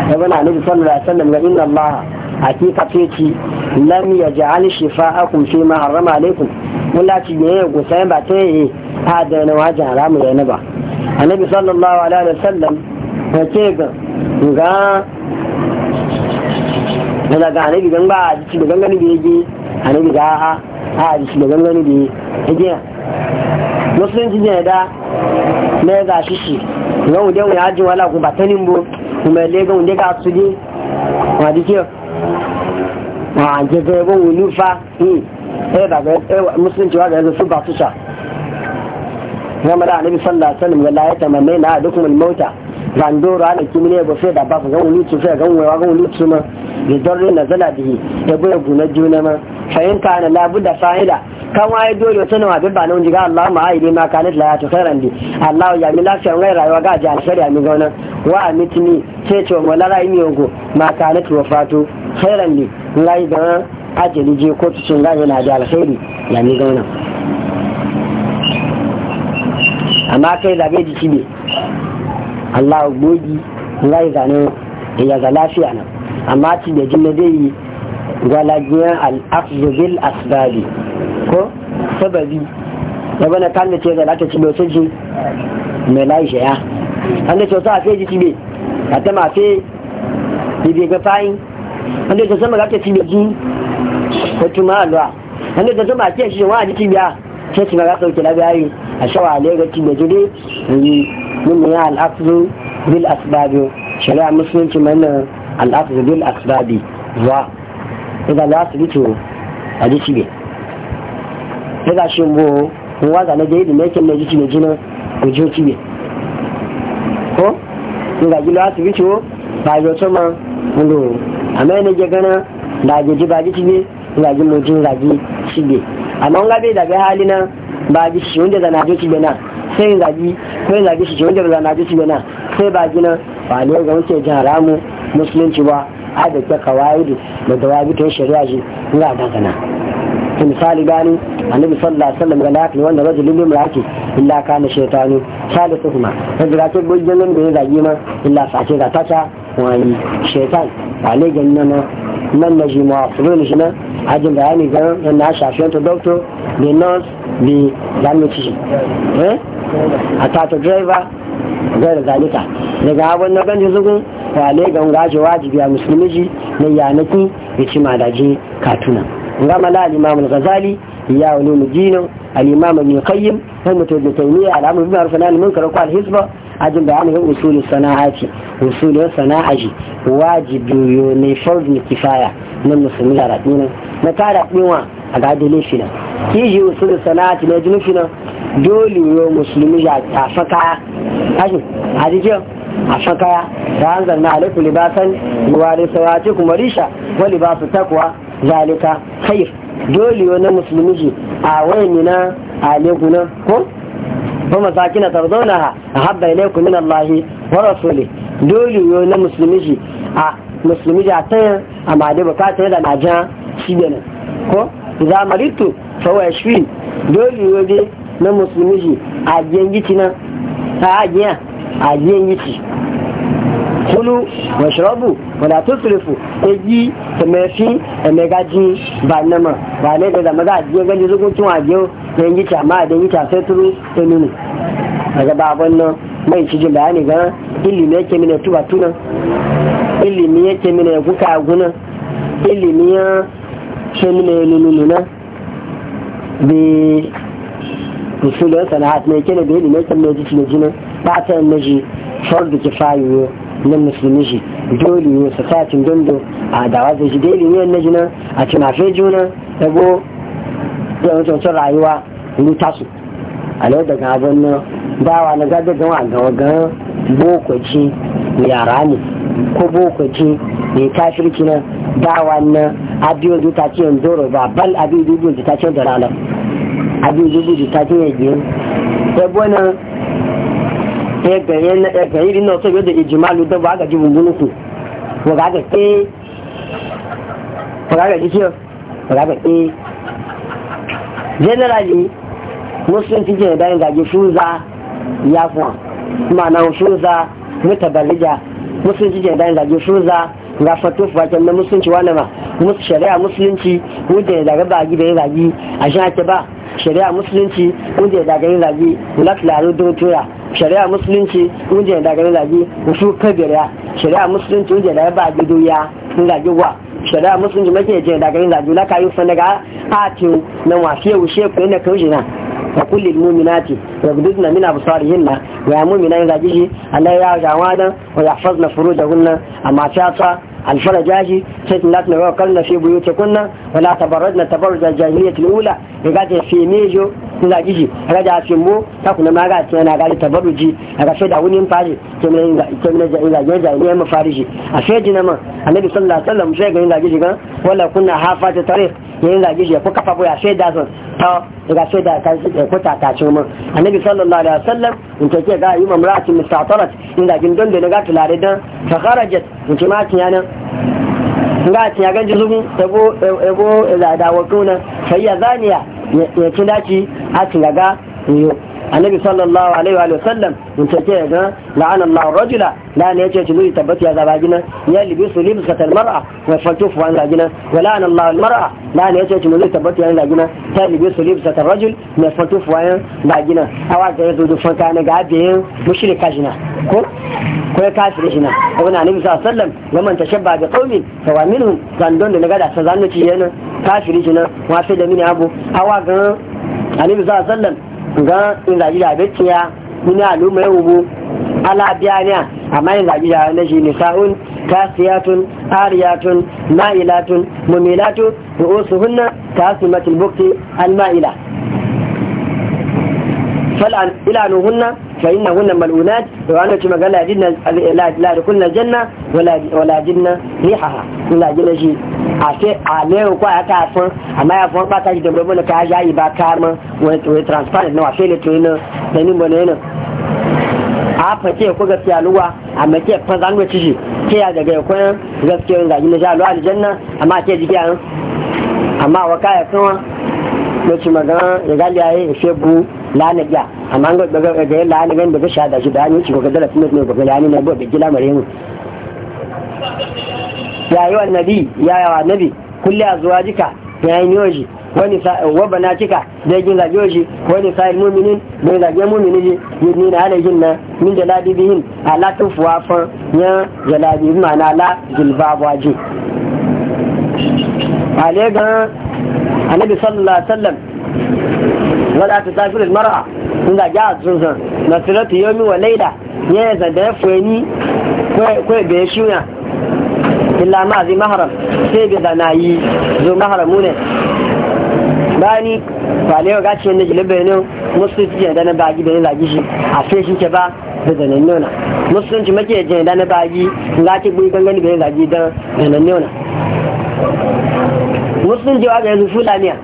baba na nabi sallallahu alaihi wasallam ga inna allah hakika feci lam a kun fi ma harrama alaikum mullaci ne ya gusa ba ta yi adana wajen haramu ya ba annabi sallallahu alaihi wasallam ya ce ga na daga anabi ba a ci da gangani da yake anabi ga ha a ji da gangani da musulunci ne da na ya za shi shi ga wude ajin wala ku ta nimbo kuma ya lega wude ka su je ma ji ke ma yabon fa eh daga e musulunci wa ga yanzu su ba su sha gama da anabi sallallahu alaihi wasallam ga la na dukkan mauta zandoro da kimi ne ba sai da ba ga wani ci ga wani ga wani ci ma da darre na zala da yi da bai guna juna ma fahimta na labu da fa'ida kan waye dole wata nawa bibba na wani ga Allah ma aidi ma kanit da ya ta khairan di Allah ya mi lafiya ngai rayuwa ga ji alheri ya mi gauna wa mitni sai ce wa la rai mi yongo ma ta wafato khairan di ngai ga ajali je ko cikin gaje na da alheri ya mi gauna amma kai zabe jiki ne Allah gogi ngai zane ya ga lafiya nan amma ci da jinna dai gwalagiyan al-afzu bil asbabi ko sababi ya bana kan da ce ga lata ci dosa ji me laisha ya an da cewa a fe ji tibe a ta ma fe bibi ga fayin an da cewa ma ga ta tibe ji ko tuma alwa an da cewa ma ke shi wa ji tibiya cocin ga sauke na bayi a shawa legaci da jide yi nuna ya al'afzu bil asbabi shari'a musulunci mana al'afzu bil asbabi wa idan za su bito a ji cibe daga shi mu wa ga na jide mai kyan na ji cibe jina ko ji ne, ko in ga gilo su bito ba yi wata ma wani amma yana gana da ji ba ji cibe ga ji mu ji ga ji amma in gabe daga hali na ba ji shi wanda zana ji shi bana sai in zagi ko in zagi shi wanda ba zana ji shi bana sai ba gina ba ne ga wuce ji haramu musulunci ba a da ke kawai da dawabi ta shari'a ji ina da gana ta misali gani annabi sallallahu alaihi wasallam ga lafi wanda raji lullum raki illa kana shaytanu salisu kuma kaga ga ke gojin da ya zagi ma illa sace ga tata wani shaytan ba ne gani nan nan na jima'a su ne shi nan ajin bayani gan yan na shafi to doctor the nurse the language eh a tato driver gare zalika daga abin na ganji zugun ne ga ngaji wajibi a musulmi ji na yanaki ya ci madaji katuna nga mala al-imam al-ghazali ya wani mujino al-imam ibn qayyim wa mutawalli taymiya al-amr bi munkar ko al ajin sana'a ce usulu sana'a ji wajibi yo ne fardu kifaya na musulmi da raɗi na tara ɗinwa a gadilin shi na ki ji usulu sana'a ne jinu shi na dole yo musulmi ya tafaka kaya ajin ji a shakaya da hanzar na alaiku libasan wari sauraci kuma risha wa libasu takwa zalika khair dole yo na musulmi a wani na alaiku ko fa masakina tardawnaha ahabba ilaykum min Allah wa rasulih dole yo na musulmi shi a musulmi ja ta amma dai bukata da naja shi ne ko za maritu fa wa shi dole yo dai na musulmi shi a gengici na a ajiya a gengici kulu wa shirabu wa la tusrifu eji ta mafi a megaji ba nama ba ne da zama za a jiye gani zukuncin wajewa da yin ma da yin gica sai turu sai nuna daga babon nan mai cikin bayani ga ilimi yake mina tuba tunan ilimi yake mina ya kuka gunan ilimi ya ce mina ya nuna da usulun sana'at ne kene da ilimi yake mina jiki na jinan ba ta yin naji shawar da kifayi na musulmi shi dole ne su sa cin dondo a dawa da shi da ilimi yan na jina a cinafe juna dago yau wancan rayuwa ruta su a lau daga abin nan bawa na gada gawa gawa gawa bokoci yara ne ko bokoci mai kafirci nan dawa nan abiyo zuta ce yin doro ba bal abiyo dubu zuta ce da ranar abiyo dubu zuta ce yin biyu ya gwana ya gari na ya gari da ba ga jibin bunuku ba ga ke ba ke generally musulunci cikin da yin gaji shuza ya kuwa ma'ana mita balija musulunci cikin da yin gaji shuza ga fatu fakin na musulunci wani ma shari'a musulunci wanda ya daga bagi da yin gaji a shi ake ba shari'a musulunci wanda ya daga yin gaji latlaro don tura shari'a musulunci wanda ya daga yin gaji wasu kabiriya shari'a musulunci wanda ya daga bagi doya sun zage wa shari'a musulunci mace ce da garin zage la kayu fa a ce na wafiye wushe ku ne kauji na wa kulli mu'minati yabdudna min absarihinna wa mu'mina in zage shi Allah ya jawadan wa yahfazna furujahunna amma ta alfarajaji sai tun lati nawa karna fi buyu ce kunna wala tabarraj na tabarruj aljahiliyyah alula daga ta fi mejo kun ga giji daga ta a mu ta kuna ma ga tana ga tabarruji daga sai da wuni faji ke mun ke mun na ila ga jahiliyyah mafariji a sai jinama annabi sallallahu alaihi wasallam sai ga ila giji ga wala kunna hafa ta tarikh yin zage ya ko kafa ko ya shaida sun ta daga shaida ka ko ta ta ce mun annabi sallallahu alaihi wasallam in ta ce ga yi ma mamrati mustatarat in da gindon da ga tulare dan ta kharajat in ce ma tiyanan ga ci ya ganji zugun ebo ebo da da wakuna sai ya zaniya ya ci daci a ci ga yo annabi sallallahu alaihi wa sallam mun take ga la'ana Allah rajula la ne yace mu tabbata ya zaba gina ya libisu libsatal mar'a wa fatufu an gina wa la'ana Allah mara la ne yace mu tabbata ya gina ta libisu libsatal rajul wa fatufu an gina awa ga yazo da fanka ne ga da mushrika jina ko ko ya kafir jina wannan annabi sallallahu alaihi wa sallam man tashabba bi qaumin fa wa minhum zandon da ga da sa zanci yana kafir jina wa sai da mini abu awa ga annabi sallallahu alaihi wa sallam ga inzagida da ciya mini al'umma ya hubu ala biya ne amma inzagida na shi nisa'un kasiyatun ariyatun ma'ilatun mumilatun ta kasimatul bukti al-ma'ila فلعنوهن فإنهن ملعونات وعنه كما قال لا يدخلن الجنة ولا يجدن ريحها ولا يجدن شيء ake alewu kwa ya ta amma ya fun bata shi da ka ya yi ba kama wani transparent na wa fele to yana da ni bane yana a fake ko gaskiya luwa amma ke fa zan wuce ke ya daga ko gaskiya ga yin ja lu aljanna amma ke jike amma wa kaya mace magana ya gali shebu lana ya amma ga daga ga lana gan daga shada shi bayani shi ga dala sunna ne ga bayani na gobe gila mare mu ya yi wa nabi ya yi wa nabi kulli azwajika ya yi niyoji wani wa banatika da yin zage yoji wani sa'il mu'minin da zage mu'minin ji yini na ala yin na min da ladibihin ala tufuwa fa ya ma na la jilbabwaji ale ga annabi sallallahu alaihi wasallam wala ta da mara sun ga jihar sun san na siratu yomi wa laida ya yi zanda ya fueni kwai ya shuya illa ma zai maharam sai bai zana yi zo maharamu ne bani falewa gaci yadda jilibai ne musulunci yadda na bagi da ya zagi shi a sai shi ke ba da zanen nuna musulunci make yadda na bagi ga ce gbi gangani da ya zagi da zanen nuna musulunci wa ga yanzu fulaniya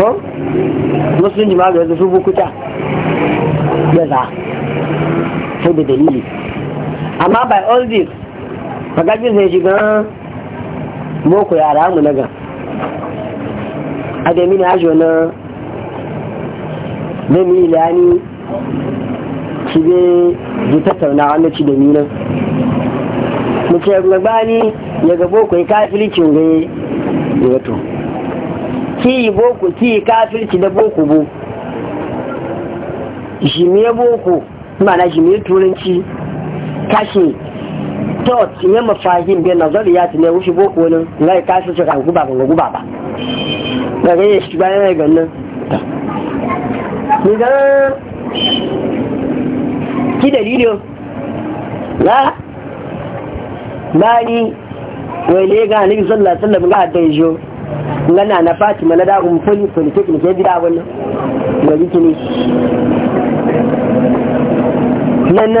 ko musulunci ma ga su bukuta ya za sai da dalili amma by all this magaji zai shiga boko yara mu na ga adami na na miliyani ci bai ji na ci da mace ya ga boko ya kafilcin gai ya wato ki boko ki kafirci da boko bo jimiye boko mana jimiye turanci kashe tot ne mafahim bai nazariyat ne wuce boko ne ngai shi kan guba ga guba ba daga ya shi bayan ya ganin da ki dalilin la bani wai ne ga hannun sallah sallah ga adda ya ngana na fatima na da umfani polytechnic ya gida wannan ga jikini nan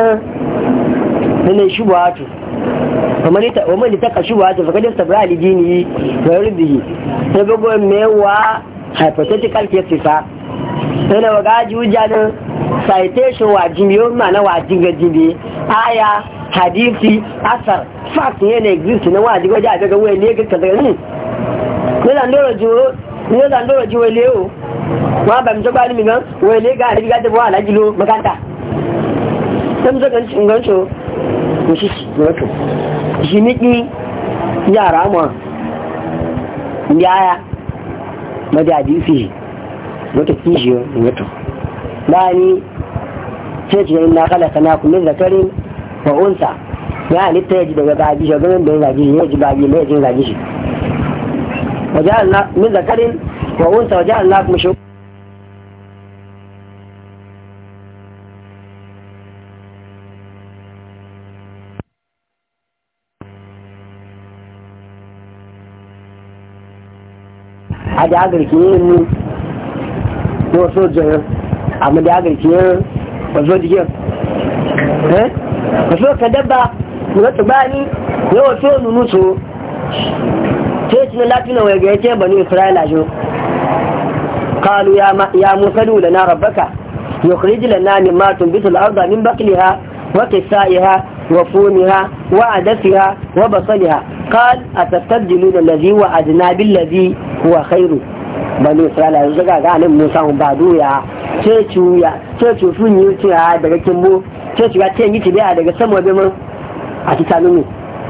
nan shi ba wato ومن يتقى شبهاته فقد يستبرع لدينه ويرده سبب ميوا hypothetical cases na waga juja na citation wa jimiyo mana wa jinga jibi aya hadisi asar fact yana exist na wa jiga wajen a daga wani ne ga kazarin hmm. ní ìdàndọ́rọ̀ jí wọlé o wọ́n bá mi tó bá ní mi gan wọlé gáà níbi gáà tẹ́bọ̀ aláàjí ló makanta tẹ́mùsọ́ ganṣo òṣìṣì rọ́tò ṣì ní kí yàrá mọ̀ ní àyà mọ́dé àdífì rọ́tò kí ṣe rọ́tò báyí ṣéèkì yẹn na kálẹ̀ sanáku ní zakarin wa unsa ya halitta ya ji daga baji shi ganin da ya zagi shi ya ji baji ne وجعلنا من ذكر وأنثى وجعلناكم شعوبا a da agarki ni ne wasu jirin amma da agarki yin wasu jikin eh wasu ka dabba wasu bani ne wasu nunu so sai na latina wai ga yace bani isra'ila jo Kalu ya ya musa du lana rabbaka yukhrij lana ne matun bitul ardha min baqliha wa kisaiha wa fumiha wa adasiha wa basaliha qal da lazi wa adna bin lazi wa khairu bani isra'ila yanzu ga ga nan musa mun ba doya ce cuya ce yi ce a daga kimbo ce cuya ce yi ci biya daga sama bi mu. a titanumi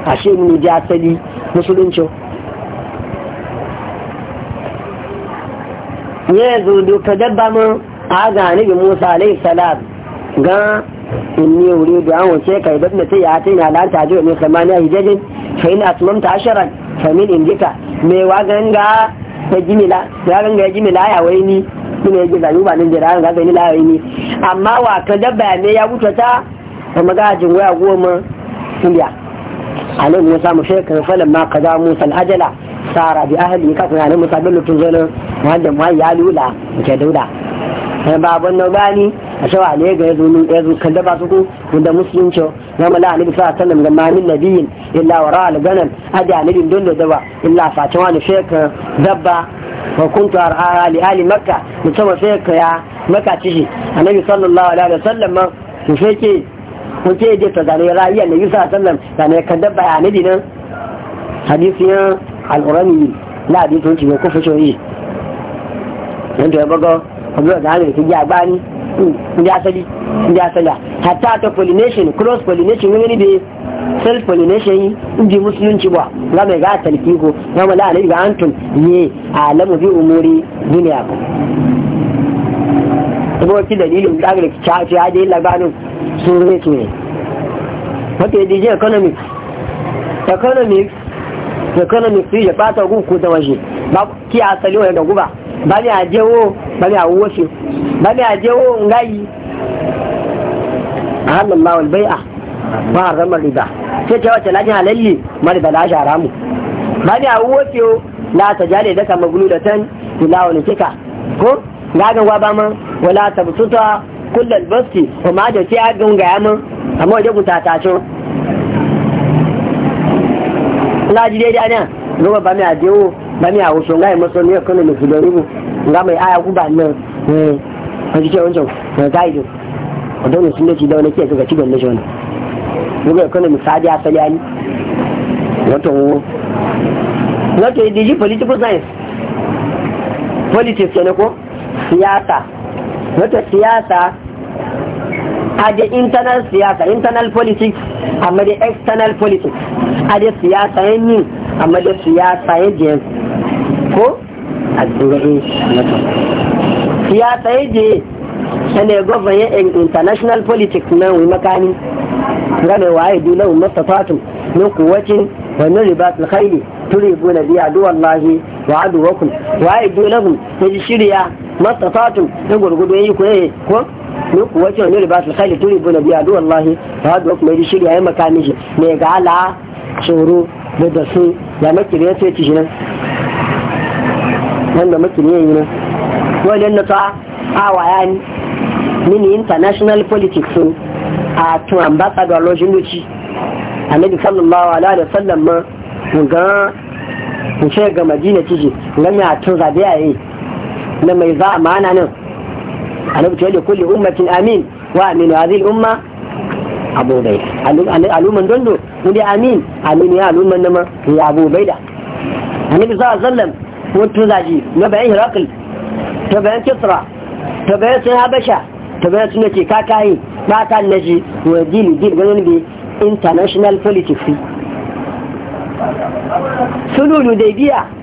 a shi ne ji asali musulunci ya zo doka dabba mun a ga nabi musa alayhi salam ga wuri da an wace kai dabna ta ya ta ina lan ta jiwa ne samaniya hijajin fa ina atmamta asharan fa min indika me wa ga ta jimila ya ganga ya jimila ya wai ni kuma ya ji zayu ba nan jira ga ni la wai ni amma wa ka dabba ne ya wuce ta kuma ga jin waya goma kuliya alaihi musa mu shekar falan ma kaza musa al-ajala sara bi ahli ka kuna ne musabin lutun zo nan wanda ma ya lula ke dauda sai eh, babun nan bani a shawa ne ga yazo nu yazo kan da ba su ku da musulunci na mala annabi sallallahu alaihi wasallam ga mamin nabiyin illa wara al ganan aja annabin don da dawa illa fatan wani sheka dabba wa kuntu ar'a li ahli makka mutum sai ka ya maka ci annabi sallallahu alaihi wasallam ma ku fake kun ce je ta zane ra'ayi annabi sallallahu alaihi wasallam zane kan dabba ya annabi nan hadisi alùránì yìí láàbí tó ń ti kó fún sórí yìí wọ́n tẹ̀ bọ́gọ́ ọdún ọ̀dà àmì ìtújẹ́ àgbá ní ndí asali ndí asali hatta ta pollination cross pollination wani da self pollination yi inji musulunci ba ga mai ga talki ko ga mala alai ga antum ye alamu bi umuri duniya ko ko ki dalilin da ga ta ta dai labarin sun rete di wato economics economics to kana nufi ya bata gun ko da waje ba ki asali wa da guba ba ni jewo ba ni a shi ba ni jewo ngai wal bai'a ba harama riba sai ta wace lajin halalli mari bala haramu ba ni a shi la ta jale da kama gulu da tan ila wani kika ko ga gwa ba man wala tabtuta kullal basti kuma da ke a ga yaman amma waje gutata laji dai da nan roba ba mi ba mi maso nga e mai e e aya ku ba eh ji na dai do sunne da ke ga ci jona wato political science politics ne ko siyasa wato siyasa a da internal siyasa internal politics amma da external politics a da siyasa yin yi amma da siyasa yin jiyan ko a tsoron siyasa yin je shane gwamnan yin international politics na wani makani game waye dole wa mastafatun min kuwacin wannan ribatul khayli biya duwan lahi wa aduwakum waye dole ya ji shirya mastafatun na gurgudu yi eh, ko Mun kuwa ce wani riba su sai turi buna biya duwan lahi ba haɗu kuma yi shirya ya maka ne ga ala tsoro da da su ya makiri ya sai shi nan wanda makiri ya yi nan wani yana ta awa ya ni mini international politics sun a tun ambassador lojin luci annabi sallallahu alaihi wasallam ma ga mu ce ga madina ciki ngami a tun zabe a yi na mai za a nan annabi ce kulle ummatin amin wa aminu hadhihi umma abu bai aluman dondo mu da amin Aminu ya aluman nama ya abu bai da annabi sallallahu alaihi wasallam wato zaji na bayan hirakil ta bayan kisra ta bayan sun habasha ta bayan sun ce kakayi ba ta naji wa dili dili ganin bi international politics sululu da biya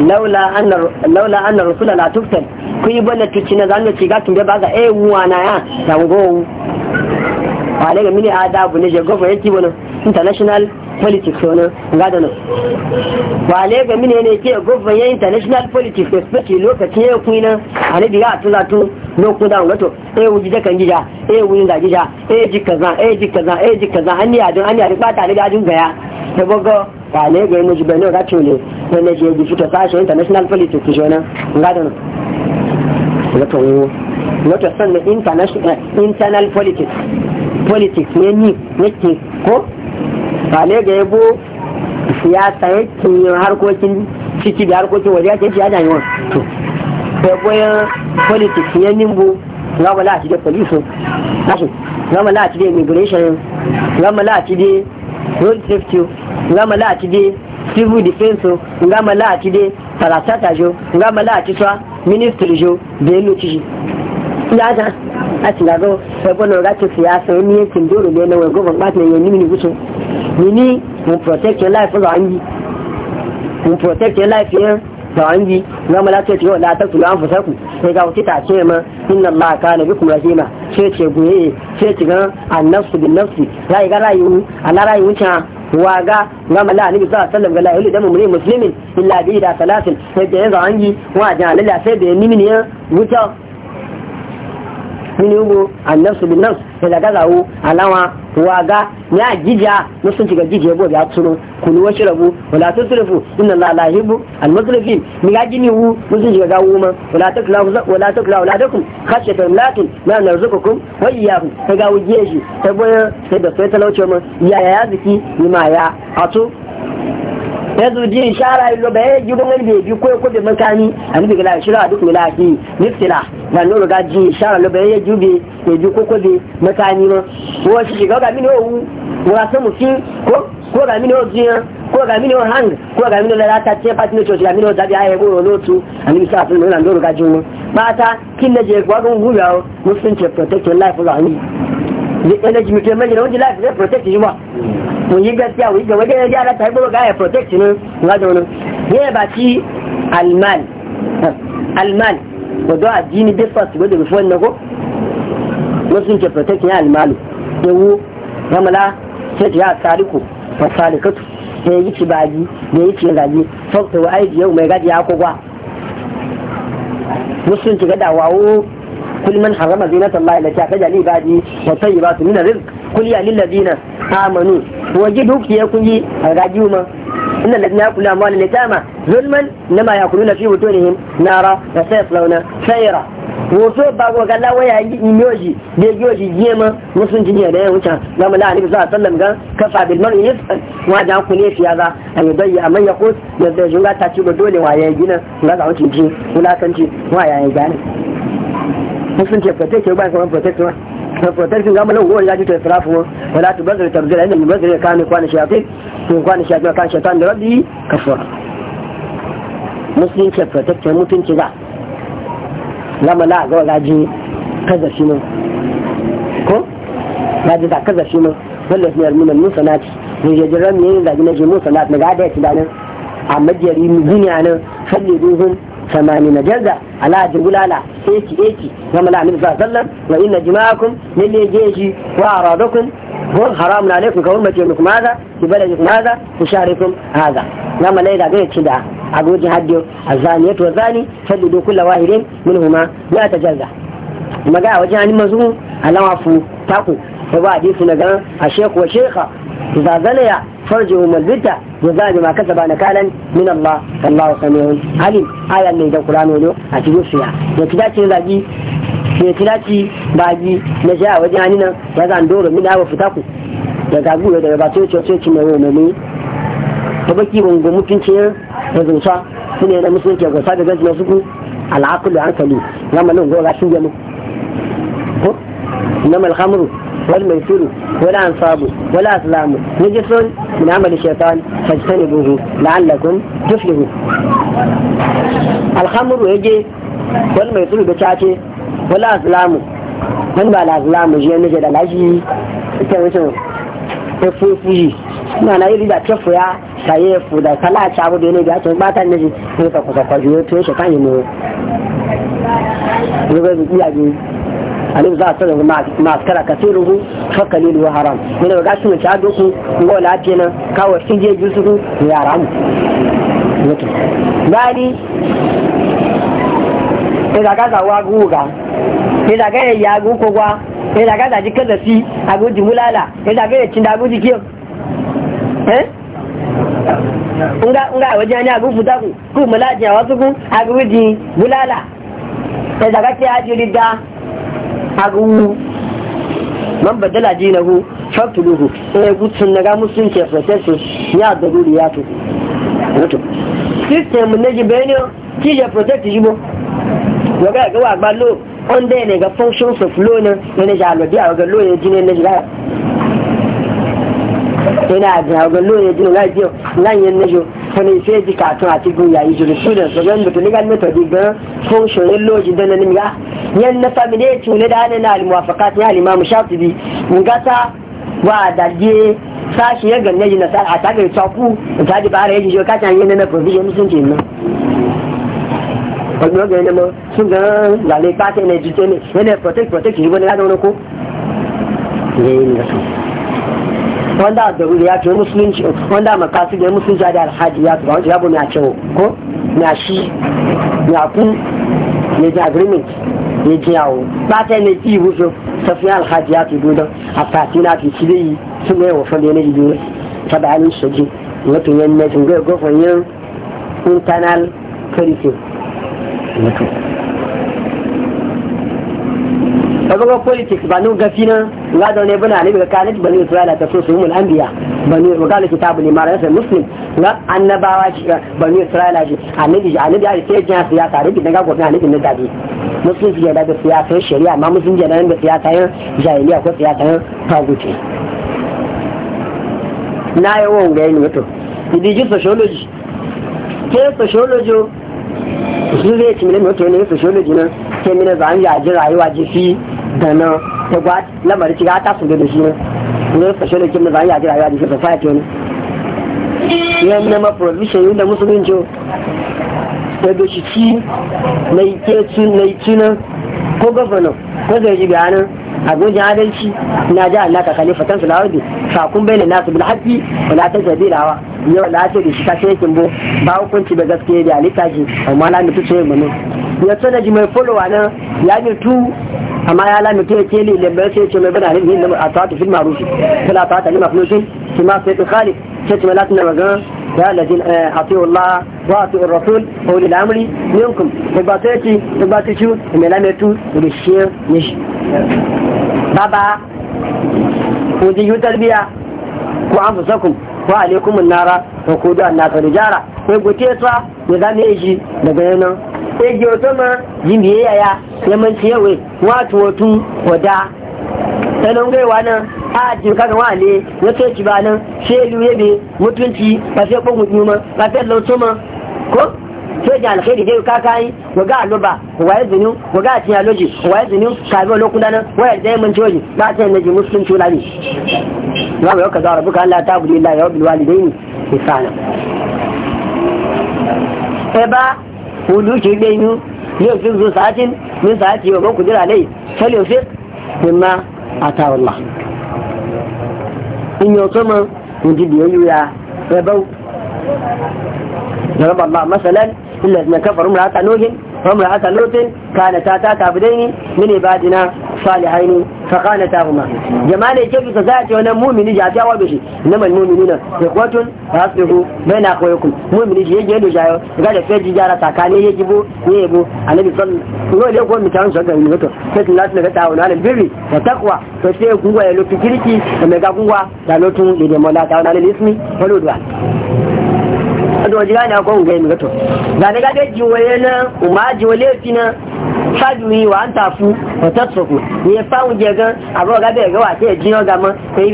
laula anna rasula na tuktar ku yi bala tuci na zanen ci ga tunbe eh, ba a yi wuwa na ya ta a daga mini adabu ne jego fa yake wani international politics wani ga da nan wale ga mini ne ke gofa ya international politics especially lokacin ya kuyi nan a ne biya a tulatu lokacin da wato eh wuji da kan gija eh wuji da gija eh ji kaza eh ji kaza eh ji kaza an yi adun an yi adun ba ta da adun gaya da gogo ba ne ga yamuji bai ne ga ne wanda je ji fito sashen international politics jona ga da ga to wo ga to san international eh, internal politics politics ne ni nake ko ba ne ga yabo siyasa yake harkokin ciki da harkokin waje ake fiye da yawan to sai goyon politics ne nimbo ga wala shi da police rashin ga wala shi da immigration ga wala shi da road safety nga mala ati de civil defense nga mala ati de parasata jo nga mala ati swa ministry jo de lu ci yaja a ci gago sai gono ga ci ni yakin dole ne na ne ni mini gutu ni ni mu protect your life e lo anyi protect your life here da wangi na malaka ce la ta tuna an fusa ku sai ga wuce ta ce ma inna allaha kana bikum rahima ce ce guye ce ce ga annasu bin nafsi rai ga rayu ala rayu cha wa ga mala annabi sallallahu alaihi wasallam ga lahi da mu'min muslimin illa bi da salatin sai ga yanzu wangi wa ja lalla sai da ya wuta mini ugu ubu annasu bin nafs ila gazawu alawa waga ya jija musun ciga jije bo ya tsuro kunu wa shirabu wala tusrifu inna allaha la yuhibbu al musrifin mi ga jini wu musun shiga gawo ma wala taklafu wala taklafu la dakum khashyata imlakin ma narzuqukum wa iyyakum ta ga wuje shi ta boye sai da sai talauce ma ya ya ziki ni ma ya atu yanzu ji shara ilo bai ji gon ne bi ko ko da makani an bi gala shira duk mila ki niftila na no ga ji shara lo bai ji bi ko ji ko ko da makani ma ko shi ga ga mini o wa sa mu ko ko ga mini o ji ko ga mini o hang ko ga mini la ta ce patino cho ga mini o zabi aye go lo tu an bi sa fun na ndo ga ji mu bata kin da je gwa gon musulunci ya musun protect your life lo ani energy muke mai gidan wajen lafi zai protect shi ba mun yi gaskiya wani gaba gina gyara ta haifar ga ya protect ne ga da wani ne ba ci alman alman wadda a jini disfas ga da bifon na ko wasu ke protect ya almalu yawo ramala sai ta ya sariku fa sarikatu da ya yi ci baji da ya yi ci gaji sauta wa aiki yau mai gaji ya kogwa musulunci ga dawawo قل من حرم زينة الله التي أخرج لعباده والطيبات من الرزق قل يا للذين آمنوا وجدوا كي راجيوما إن الذين يأكلون أموال اليتامى ظلما إنما يأكلون في بطونهم نارا وسيصلون سيرا woto ba ko galla waya imyoji da yoji jema musun jinya da yawanci ga mala alaihi sallam ga kafa bil mar'i yasal wa da ku ne fiya za a yi bayya amma ya ko da zai junga ta ci ba dole wa ya gina ga za wucin ji wulakanci a ya gane musulunci protection ba kamar protection ba protection ga malau gowar yaji ta israfu wa wala tu bazir tabzira inda mu bazir kana kwana shafi to kwana shafi kan shaitan da rabbi kafara musulunci protection mutunci ga lama la ga gaji kaza shi mun ko gaji da kaza shi mun wallahi ne almunan musanati ne ya jira ne da gina je musanati na ga da ya ci danin a majiyar yi duniya nan falle duhun ثمانين جلدة على جبلالة ايتي ايتي وما لا عمل فاسلم وإن جماعكم من جيشي وأعراضكم هو حرام عليكم كهرمة يومكم هذا في بلدكم هذا في شهركم هذا يوم لا إذا قلت شدعة أقول جهدي الزانية والزاني فددوا كل واحد منهما مئة جلدة ما قاعد وجهني مزهور على وعفو تاكو ta ba hadisi na gan a sheku wa sheka ta zazalaya farji umar bita ya zaɓi ma kasa ba na kalan min Allah sallahu alaihi alim aya ne da kurano ne a cikin suya ya ci dace ne zaɓi ya ci dace ba ji na sha a wajen hannun ya zan doro min awa fita ku da gagu da ba ce ce ce mai wani ne ta baki ban ga mutunci ya zunsa su ne da musulunci ya gwasa da gaji na suku al'akulu hankali ya ma nan gora shi gani ko nama al'amuru wal maisuru wal ansabu wal aslamu najisun min amali shaitan fajtanibuhu la'allakum tuflihu alhamru yaje wal maisuru da cace wal aslamu wani ba al'aslamu je ne da lashi na da tefu ya saye fu da kala ci abu da ne da ake ta ne ji ne ta kusa kwaji to shi kan yi ne. ne ne alim za a sanar maskara kasiruhu fakalilu wa haram yana ga shi mace adoku ngo lafiya nan kawo shi je ji jusuru ya haram gani idaga za wa guga da idaga ya yagu kogwa idaga za ji kaza si a agoji mulala idaga ya cinda agoji kiyo eh nga nga waje ni agoji futaku ku mulaji a wasu ku agoji bulala daga ke ajiri da agu man badala dinahu faktuluhu eh gutsun naga musulunci ya protest ya daruri ya to wato system ne ji benyo ki ya protect jibo waga ga wa ba lo on de ne ga functions of law ne ne ja lo dia ga lo ne jine ne ja ina ga ga lo ne jine la dio la yen ne jo fana sai ji katun a cikin yayi jiri su da su gan mutum gan mutum di gan shirin loji da nan ga yan na famile tuni da hannun al-muwafaqat ya al-imam shatibi mun ta wa dalje sashi ya ganne ji na sa a tagar tsaku ta di bara yaji ka tan yin na provision sun ce nan ọgbọ́n gẹ̀ẹ́ lẹ́mọ́ sun k'a lálẹ́ pàtẹ́ ẹ̀nẹ́jì tẹ́lẹ̀ ẹ̀nẹ́ protect protect ìrìbọn ní ládọ́rọ́kọ́ ìyẹn wanda da ya ce musulunci wanda makasu da musulunci da alhaji ya tuba wanda ya bu na ce ko na shi ya kun ne da agreement ne jiyawo ba ta ne ki wuce safiya alhaji ya tuba don a fati na fi cire yi sun yi wafan da yanayi biyu ta ji, shaji wato yan ne sun gofan yin internal policy. daga politics ba nun gafi nan ga da ne bana ne ga kanat bani isra'ila ta so su mun anbiya bani magana kitabu ne mara sai muslim ga annabawa shi eh, bani isra'ila shi annabi shi annabi ai sai jiya siyasa rabi daga gobe annabi ne dadi muslim shi da siyasa shari'a amma muslim da da siyasa yin jahiliya ko siyasa yin taguti na yawon ga yin mutum idi sociology ke sociology su zai ci mine mutu ne sociology nan sai mine zan ya ji rayuwa ji fi da nan ta gwa lamari ci da shi nan ne sociology zan ya ji rayuwa ji fi society ne ya mine ma provision da musulunci da da shi ci na ike ci na ko governor ko zai ji bayanan a gojin adalci na ji Allah ka kalifa kan su lawardi fa kun na su bil haqqi wa la tajdilawa yau la ce da shi ka sai kin bo ba hukunci da gaskiya da alita ji amma la mutu sai mun ya tsana ji mai follow ana ya tu amma ya la mutu ke ne da bai sai ce mai bana ne na a tawata fil ma'ruf kala ta ta ni ma lima fulusin ma sai khali sai ce malatin magana يا الذين اطيعوا الله واطيعوا الرسول اولي الامر منكم تباتيتي تباتيشو ان لم يتو بالشيء نشي baba ko ji yi tarbiya ko an fusakun ko alaikum nara ko ko da na ka rijara ko gote sa ya zame shi daga yanan e ji wato ma jin biye ya manci yawe wato wato wada sanan gaiwa nan a ji kaga wale wato ci ba nan shelu yabe mutunci ba sai ko mutuma ba sai lauto ma ko soja alkhairi dai ka kai waga aluba waye zinu waga tiyaloji waye zinu ka bi lokun dana waye dai mun joji ba sai naji muslim tulani wa wa kaza rabbuka alla ta'budu illa ya bil walidaini ihsana eba hulu ki bayinu yau kin zo satin min sa'ati wa ku jira lai sai yau sai mimma ata wallah in yau kuma mun ji biyayya ya bau ضرب الله masalan. illa na kafar umra aka nohin umra aka nohin kana ta ta tabu dai ni badina salihaini fa kana ta huma jama'a ke bisa zai ce wannan mumini ja ta wabe shi na mai mumini na ya kwatun ya haske ku bai na koyo ku mumini shi yake yadda jayo ga da fai jijara tsakanin ya gibo ya yabo a nabi sal ko ne ko mi ta wani gari mutu sai tun lati daga tawo na birri da takwa to sai kuwa ya da mai ga da lotun da da mala na ismi wato wajen gane akwai ungayi mu ga na gada jiwaye na umma jiwale fi na fájúwí wà ń ne ya ní fáwọn jẹ gan àbọ̀ gábẹ̀ gọ́wà tí ẹ̀jí ọgá mọ́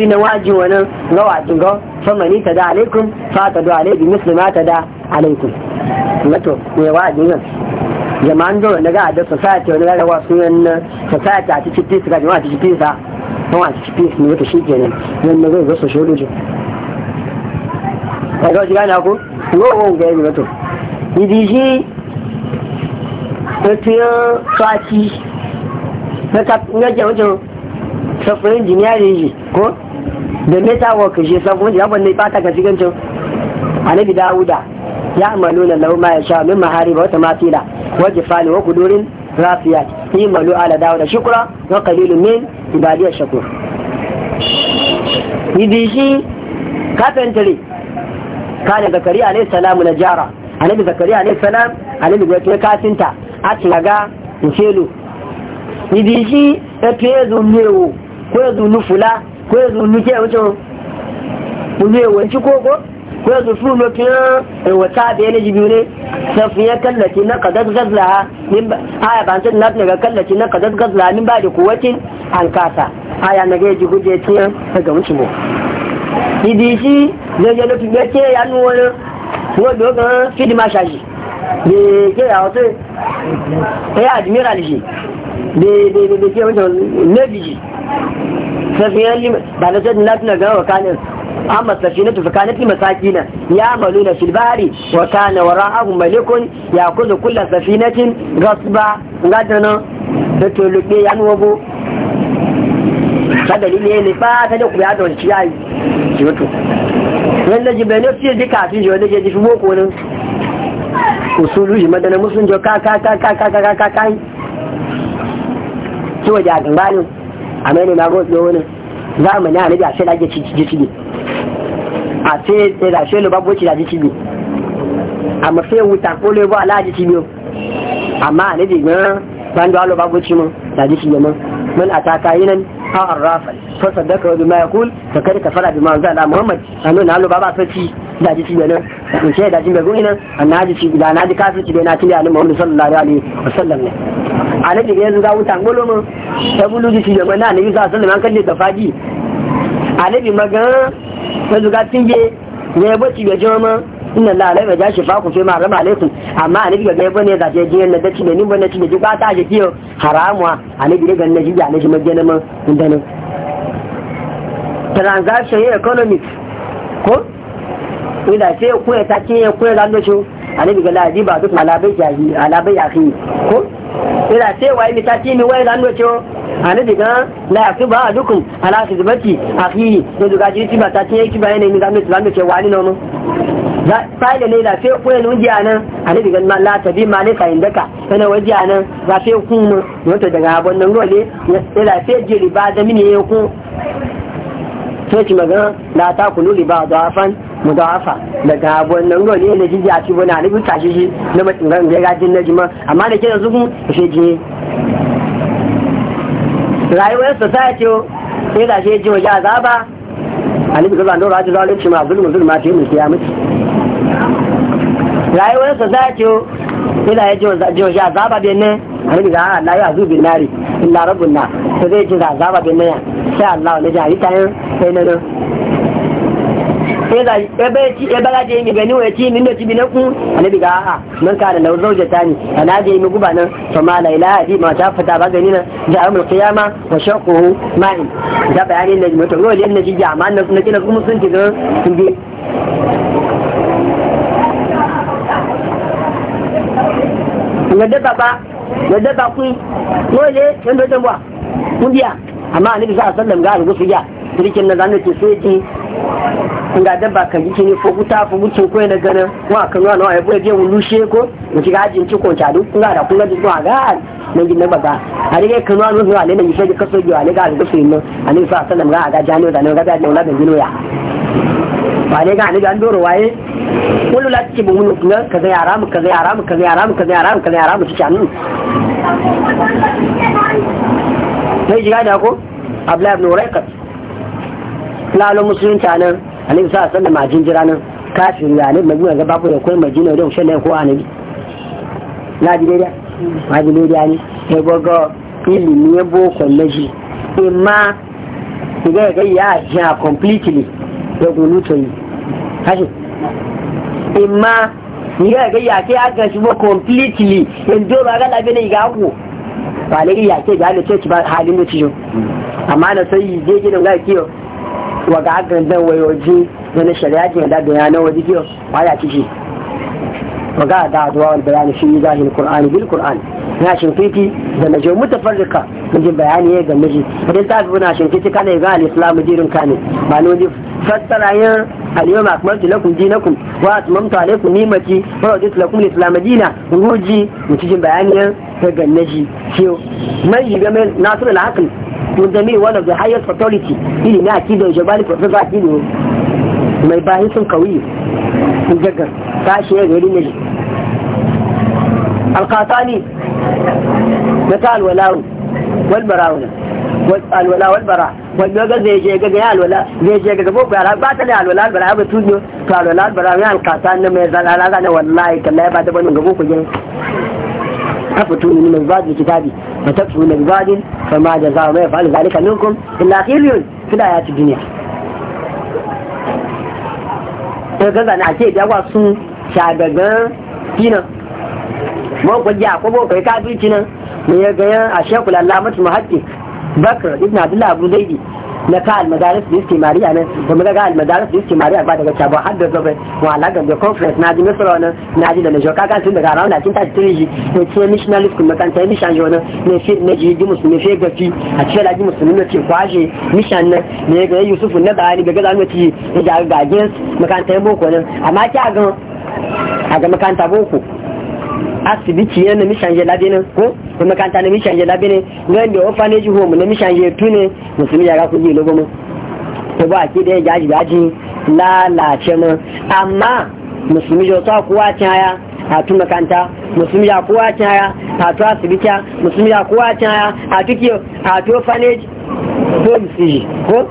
na wọ́n jí wọn náà gọ́wà tí gọ́ fọ́mọ̀ ní tàdá àlékún fàtàdọ̀ àlébì jama'an na ga da e society wani ga yan society a cikin peace ga jama'a cikin peace cikin peace e ne shi kenan yan na zai zo sociology daga wajen gane ku ro'on ga yanzu mutum idiji na jamutun safirin yi ko da meta work shi ka cikin dawuda ya amalu na lau ma ya sha min mahari ba wata matila wajen fali wa kudurin rafiyat yi malu ala dawuda shukura min ibadiyar shakur idiji kane zakariya alayhi salamu na jara annabi zakariya alayhi salam annabi ga kai kasinta a ci ga incelu idi shi e pezu mewu ko ezu nufula ko ezu nuke wato umewo ci koko ko ezu fu lo ke e wata jibi ne safin ya kallaci na qadad gazlaha min ba aya ban tin nabne ga kallati na qadad gazlaha min ba da kuwatin an kasa aya na ga ji guje tiyan daga mutum idi shi lẹ́jẹ́ ló ti gbé ké ní wọ́n lọ wọ́n lò gan fídí máa ṣàyè lèèké àwọn tó ẹ àdìmíràn lè ṣe lèèké ké wọ́n tó lẹ́bi yìí safiyan lima ba na sai na tuna gawa kanin ya malu na filbari wa kana malikun ya kuzu kullu safinatin gasba da to luke ya ni ne ba ta da ku ya don ciyayi ki wanda na jibe ne fiye jika fi wanda da ke jifi boko nan usulu shi madana musulun jo ka ka ka ka ka ka ka ka ka ki waje a gangbalin a mai ne na gotsi wani zamani a nabi a sai lage jiki ne a sai da sai lubabbo ci da jiki ne a mafi wuta ko lebo ala ji ne amma a nabi gan ban da lubabbo ci mun da ji ne mun mun a takayi nan a arrafal fa sadaka wa bima yaqul fa kada kafara bima anzala muhammad annu na baba saci annaji da kafirci da na muhammad sallallahu alaihi wasallam ne annabi yanzu ga wutan bulu ji da mana sallallahu alaihi wasallam da ne ga inna la alaihi ja shi faku fi ma rama amma anabi ga gaibo ne da je je na dace ne ni ba na ci ji ba ta je kiyo haramu ne ga na ji ya ne shi magana man indana transaction economics ko ina ce ku ya ta ce ku ya zanda shi anabi ga la ji ba duk malabai jahi alabai akhi ko ina ce wai mi ta ce mi wai zanda shi anabi ga la fi ba dukum ala khidmati ba ta ki ba wani sai da laila fe ko yana wuji anan ne ga la ta bi malika ka yana wuji nan ga sai ku mu wato daga abon nan gole ya la sai jiri ba da mini ya ku sai ki magana la ta kulu riba da afan hafa daga abon nan gole ne ji ya ci bana annabi ta shi shi na mutum ga ga jin jima amma da ke da ku shi je rayuwar society sai da shi je a zaba annabi ga zan dora ta zalunci ma zulmu zulma ta yi mu mutu. rayuwarsa za ce ila ya jiwa sha zaba bin nan a rikin za'a Allah ya zubi nari illa rabin na to zai ce za bin nan sai Allah wani jari ta yin sai na nan ebe la je mi gani wace min da tibi na ku annabi ga a nan ka da lau zauja ta ni ana je mi guba nan fa ma la ilaha di ma ta fata ba gani nan da amul qiyama wa shaquhu ma'in da bayanin da mutum ne ji jama'a nan na kina kuma sun ji sun bi yadda baba yadda ba ku dole yan dodon ba kun biya amma annabi sa sallam ga algo su ya kirkin na zanen ke sai ki ga dabba kan yake ne ko guta ko mutum ko na ganin ko akan wani wani bai je ko mu shiga ajin ci ko ta duk kuna da kuna zuwa ga nan gina baba a rike kan wani zuwa ne da yake da kaso jiwa ne ga algo su ne annabi sa sallam ga ga jani da nan ga da nan da gino ya ba ne ga annabi an waye wani lati ce ba wani kuma ka zai mu ka zai mu ka zai mu ka zai mu ka zai mu ta canu yi jiga da ko abla ibn uraiqat lalo musulunci a nan alaihi sa sallam a jinjira nan kafin ya ne mai gura ba ku da kai majina da shan ko na ji daidai na ji daidai ne sai gogo ilimi ya boko na ji imma ga ga ya a completely gulu to yi imma ni ga ya ke aka shi ba completely do ba ga da ne ga ku ba ne ya ke ga da ce ba halin da ciyo amma na sai je gidan ga kiyo wa ga agan dan ji da na shari'a ke da ga yana waje kiyo ba ya kishi wa ga da wa bayani shi ga hin qur'ani bil qur'ani na shinkiti da na jau mutafarrika mijin bayani ya ga miji idan ta fi na shinkiti kana ga al-islam ka ne ba ne wani fassara yin al-yawma akmaltu lakum dinakum wa atmamtu alaykum ni'mati wa raditu lakum al-islam dina ruji jin bayani ya ga naji shi mai yi ga mai nasir al-aql to da mai one of the highest authority ili na akidan jabali professor akido mai sun kawiyi sun jagar tashi ya gari naji alkatani na ta alwalawu walbarawuna alwala walbara wanda ga zai je ga ya alwala zai je ga gabo bara ba ta da alwala albara ba tudo to alwala albara ya alkasa ne mai zalala zana wallahi kallahi ba ta bani gabo ku je ka fito ni mai zaji kitabi ba ta fito ni zaji fa ma da za mai fa'al zalika minkum illa khilyun fida ya ci duniya to ga zana ake da wasu shagagan kinan mun kwaji a kwabo kai ka kafirci nan mun ya gaya a shekul Allah mutu muhaƙi bakar ibn abdullah abu daidi na ka almadaris da yake mariya nan da mun ga almadaris da yake mariya ba daga cabo har da zobe wa alaƙa da conference na ji misra wannan na ji da na shoka ka tun daga ranar cin tashi tun ji ne ce missionaries kuma kan ya mishan jona ne fi ne ji ji musu musulmi fi gafi a cikin ji musu ne ce kwaje mission nan ne ga yusuf ne da bayani ga gaza ne ci ga ga gagen makanta ya boko nan amma ki a ga a ga makanta boko asibiti yan na mishanje labe ne ko ko makanta na mishanje labe ne ngan da orphanage home na mishanje tune musulmi ya ga kuji logo mu Ko ba ki da jaji jaji lalace mu amma musulmi jo ta kuwa ta haya a tun makanta musulmi ya kuwa ta haya a to asibiti musulmi ya kuwa ta haya a tuki a to orphanage ko musulmi ko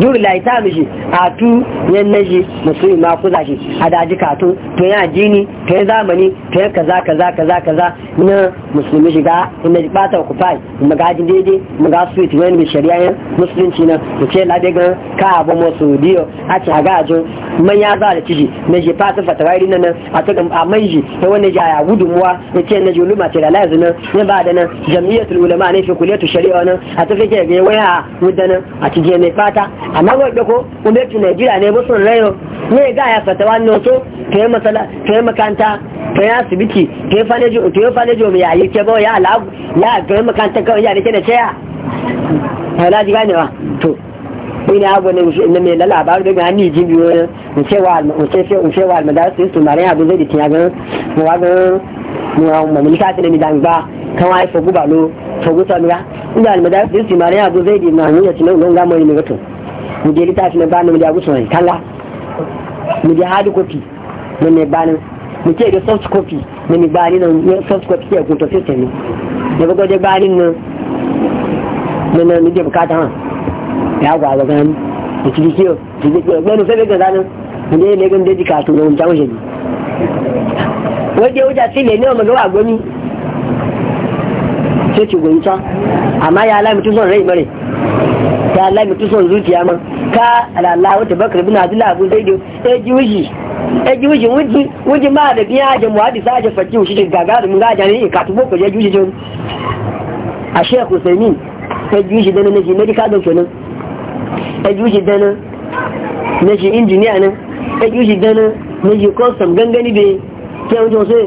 juri layi t'a mishi a tu yan naji musulmi ma kuza shi a daji kato to yan jini to yan zamani to yan kaza kaza kaza kaza na musulmi shiga in na bata ku fai magaji daidai maga sweet wani mai shari'a yan musulunci na da ce labe gan ka abu masu diyo a ce a gajin man ya za da ciki na je fata fatawari na nan a ta a man shi ta wani ji a ya gudunmuwa ya ce na olu materialize na ya ba da nan jam'iyyatul ulama ne fi kuliyatu shari'a nan a ta fi ke ga waya wudanan a cikin ne fata fata amma wai da ko kuma yake Najeriya ne ba sun rayo ne ga ya fata wannan to ke masala yi makanta yi asibiti ke fanejo ke fanejo mai yayi ke ba ya alagu ya ga makanta kawai ya dake da ceya hala ji ganewa to ina abu ne na mai lala ba da gani ji biyo ne cewa mu cewa almadarsu su mare abu zai da tiya ga mu ga ni wa umma ni ka tele dangba kan wa fo guba lo fo guta mi ga inda ni da disi mare abu zai di na ya tilo ngonga mo ni gato mu je lita tele ba mu da guso ni kala mu je hard ne ne ba ni mu ce da soft copy ne ni ba ni na soft copy ya kunto system ni da bugo da ba na ne ne bukata ha ya gwa ga gani ki ki ki ki ki ne sai ga zanin ne ne ga da jikatu ne mun wọ́n jẹ́ oúnjẹ àti ilẹ̀ ní ọmọ lọ́wọ́ àgbọ́ní tí ó ti gòyí tán àmá ya aláìmìtúsọ̀n rẹ̀ ìmọ̀rẹ̀ ya aláìmìtúsọ̀n zuciya ma Ka alala wata bakar bin abdullahi abu zaido eji wuji eji wuji wuji ma da biya ajin muhadi sa ajin fakki wushi gaga da mun gaja ne ka tubo ko jeji wuji jin a shekh usaimin eji wuji dana na shi medical doctor nan eji wuji dana na shi injiniya nan eji wuji dana na shi custom gangani bai kí ẹ̀rọ jọ ṣe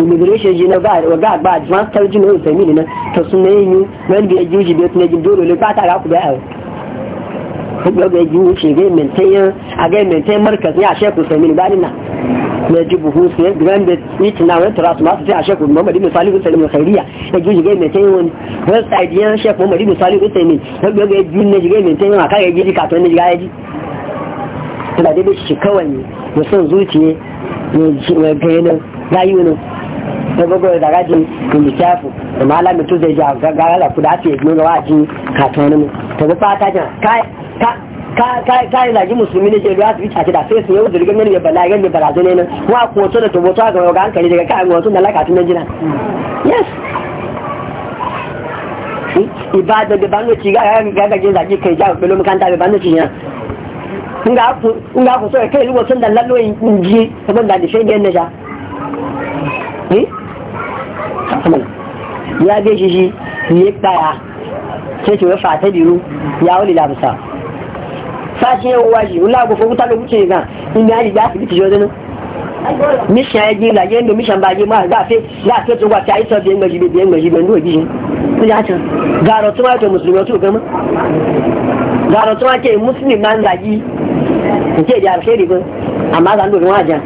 ìmìdìrí ṣe jìnà ọgá àgbà advance tẹ́lẹ̀jì náà ìfẹ̀mí nìna tọ̀sún lẹ́yìn wọ́n bí ẹjú jìbẹ̀ tún ẹjú dóró lé pátá àkùbẹ́ àrùn gbogbo ọgbẹ́ ẹjú ṣe gẹ́ mẹ̀ntẹ́ mọ́rìkà sí àṣẹ́kù fẹ̀mí nígbà nínà mẹ́jú buhu sí grand bet ní wọ́n tọ̀rọ̀ àtùmá sí àṣẹ́kù mọ́mọ́dé ganin gayu ne ta gogo da gaji kuma kyafu da malamin tu zai ja gagara ku da ake nuna wa ji katon ne ta go fata jan kai ka kai zagi musulmi ne ke ruwa su bica da sai su yau zirgin ne mai bala yan mai balazo ne nan wa ko to da to ga ga hankali daga kai wasu da lakatun nan jina yes ibada da banu ga ga ga zagi kai ja ko lokanta da banu ci nga ku so ya kai lugo sun da lallo in ji kamar da dishe ne na ja eh ya ga shi shi ne daya ce ce fa ta diru ya wani labisa sashi ya uwa shi wula ku fukuta da kuce ga in ya ji ya fi biti jodin mission ya ji la yen do mission ba ji ma za fe za fe to gwa ta ito bi ngaji bi ngaji ben do ji ku ja ta garo to ma to musulmi to gama gara tun ake muslim nan nke in ce da alheri ba amma zan domin wajen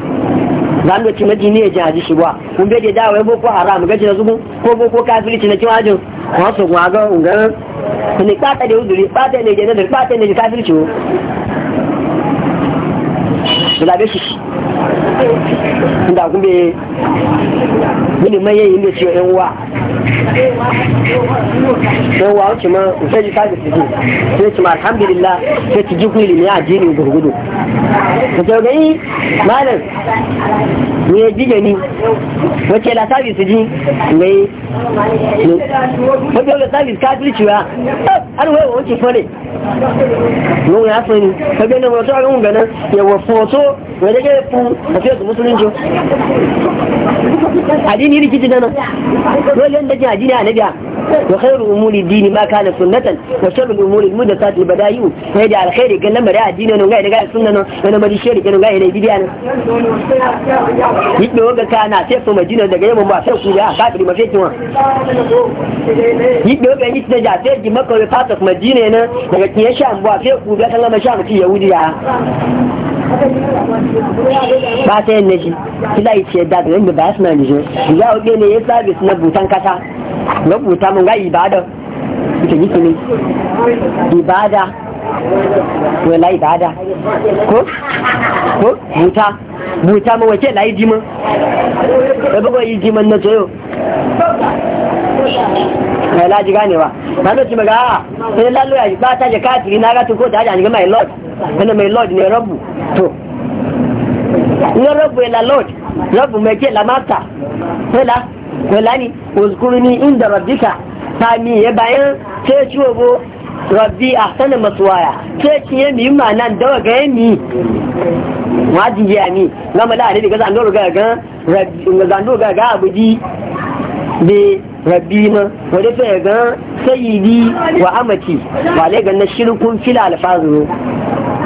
zan doci madini ya jihadi eji ba kun bai da dawo ya boko haram gaji na zugun ko boko kafirci na kiwajin kuma su kuma ga ungarin ne kata da uzuri kata ne da kata ne da kafirci ko. inda kun bai gudu mai da ciwo yan uwa yan uwa ma sai ji sabi su ji sai ci ma alhamdulillah sai ci a gurgudu ce gani malam ne ya ji gani la sabi su ji sabi har ah, wai ya sani gani yawon foto wadda ya fi fiye da musulunci addini rikici dana dole yadda jin addini a nabiya wa khairu umuri dini ma kana sunnatan wa sharru umuri mudassat al badayu sai da alkhairi kan lamari addini non ga daga sunna non wani bari shiri kan ga ida bidiya ne yiddo ga kana sai so madina daga yamma ba sai ku ya kafiri mafi kiwa yiddo ga yiddo ja sai ji makka wa fatas madina ne daga kiyasha ba sai ku ga kan lamari sha mutu yahudiya ba ta yin nashi kila yi ce da ɗin da ba su na nijo ya hudu ne ya su na butan kasa ga buta mun ga ibada ita yi kini ibada wala ibada ko ko buta buta mun wace la yi jiman da bugo yi jiman na tsoyo mai laji ganewa na da ci maga ah, sai lallo ya ba ta je kafiri na gatun ko ta haja ah, ga mai lord wanda mai lord ne rabu to ne rabu ya la lord rabu mai ke la mata wala ni uzkurni inda rabbika ta mi ya bayan sai ciwo go rabbi ahsana maswaya sai ci ya mi ma nan dawa ga yami wajibi ya mi na mala ne daga zandoro ga ga rabbi ga zandoro ga ga abudi be rabbina wani ta ga sayidi wa amati ba lai ganin shirkun fila alfazu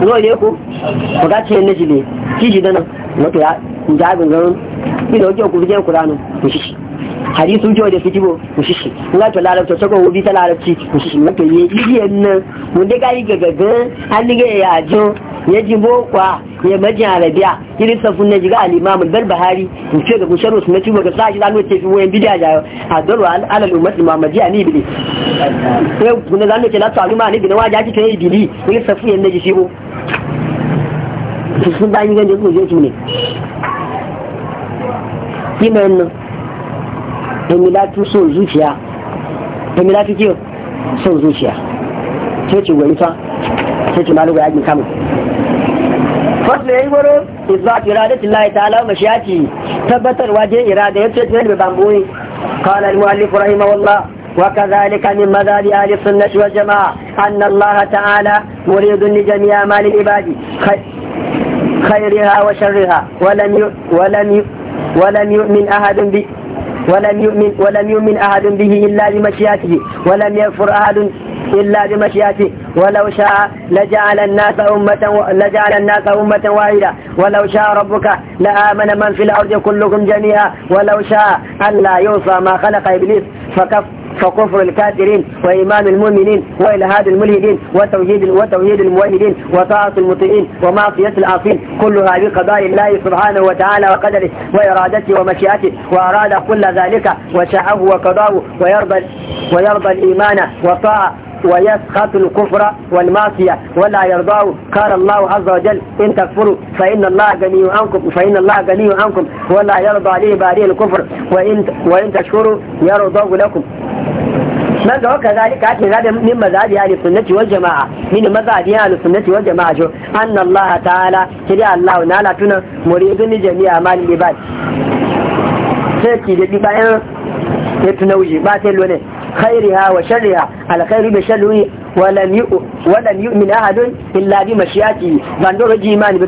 ruwa ne ku ku ga ciyen naji ne kiji da nan wato ya jabi garin ina wajen ku bijen ku ranar ku hadisun jiwa da fiti bo mushishi nga to larabta sako hobi ta larabci mushishi nga to ye iriyan nan mun dai gari gagaga an diga ya jo ya jimbo kwa ya maji arabiya irin safun na jiga al-imam al-barbahari mu ce ga gusharu na ci ga sai zanu ce fi wayan bidiya jayo a daru al-alal ummat muhammadi ani bidi sai eh, kun zanu ce la ta alima ani bidi waja ci kai bidi irin safu yan naji shibo sun bayin ganin ko je ne kina nan don milatu son zuciya don milatu kiyo son zuciya sai ce gwani fa sai ce malu ga yakin kamun fasu ya yi gwaro izzat iradatin lahi ta'ala mashiyati tabbatar waje irada ya ce tunan da bamboyi kala al-mu'allif rahimahullah وكذلك من مذهب أهل السنة والجماعة أن الله تعالى مريد لجميع أعمال العباد خيرها وشرها ولم ولم ولم يؤمن bi? ولم يؤمن ولم يؤمن أحد به إلا بمشيئته ولم يكفر أحد إلا بمشيئته ولو شاء لجعل الناس أمة و... لجعل الناس أمة واحدة ولو شاء ربك لآمن من في الأرض كلكم جميعا ولو شاء ألا يوصى ما خلق إبليس فكف فكفر الكافرين وإيمان المؤمنين وإلهاد الملحدين وتوحيد وتوحيد الموحدين وطاعة المطيعين ومعصية العاصين كلها بقضاء الله سبحانه وتعالى وقدره وإرادته ومشيئته وأراد كل ذلك وشاءه وقضاه ويرضى ويرضى الإيمان والطاعة ويسخط الكفر والمعصية ولا يرضاه قال الله عز وجل إن تكفروا فإن الله غني عنكم فإن الله غني عنكم ولا يرضى عليه لعباده الكفر وإن وإن تشكروا يرضاه لكم من ذلك وكذلك أكيد هذا من مذهب أهل السنة والجماعة من مذهب أهل السنة والجماعة شو أن الله تعالى كده الله نالا تنا مريد لجميع أعمال العباد sai ki da يتنوجي ya tuna خيرها وشرها على خير بشره walam yi min ahadun illa bi mashiyati zandoro ji imani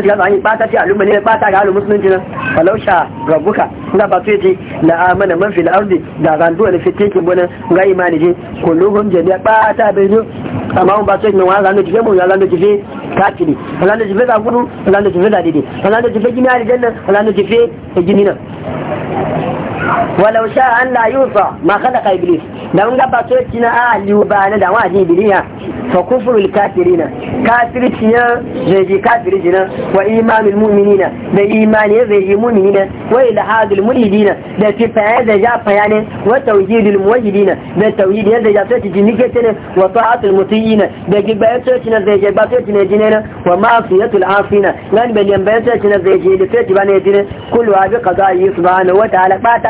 da bambayin kafiri wala da jife zagudu wala da jife zadidi wala da jife gini alijanna wala da jife gini nan ولو شاء أن لا يوصى ما خلق إبليس لو نقبع سويتنا أهل يوبانا دعوا هذه إبليها فكفر الكافرين كافرين زيجي كافرين وإيمان المؤمنين بإيمان يزيجي مؤمنين وإلى هذا الملدين ده في هذا جاء فيانا وتوجيد الموجدين ده توجيد هذا جاء سويت جنكتنا وطاعة المطيئين ده قبع سويتنا زيجي باسويتنا جنينا ومعصية العاصين لأن بل ينبع سويتنا زيجي لسويت بانا جنينا كل هذا قضاء يصبعنا وتعالى فاتا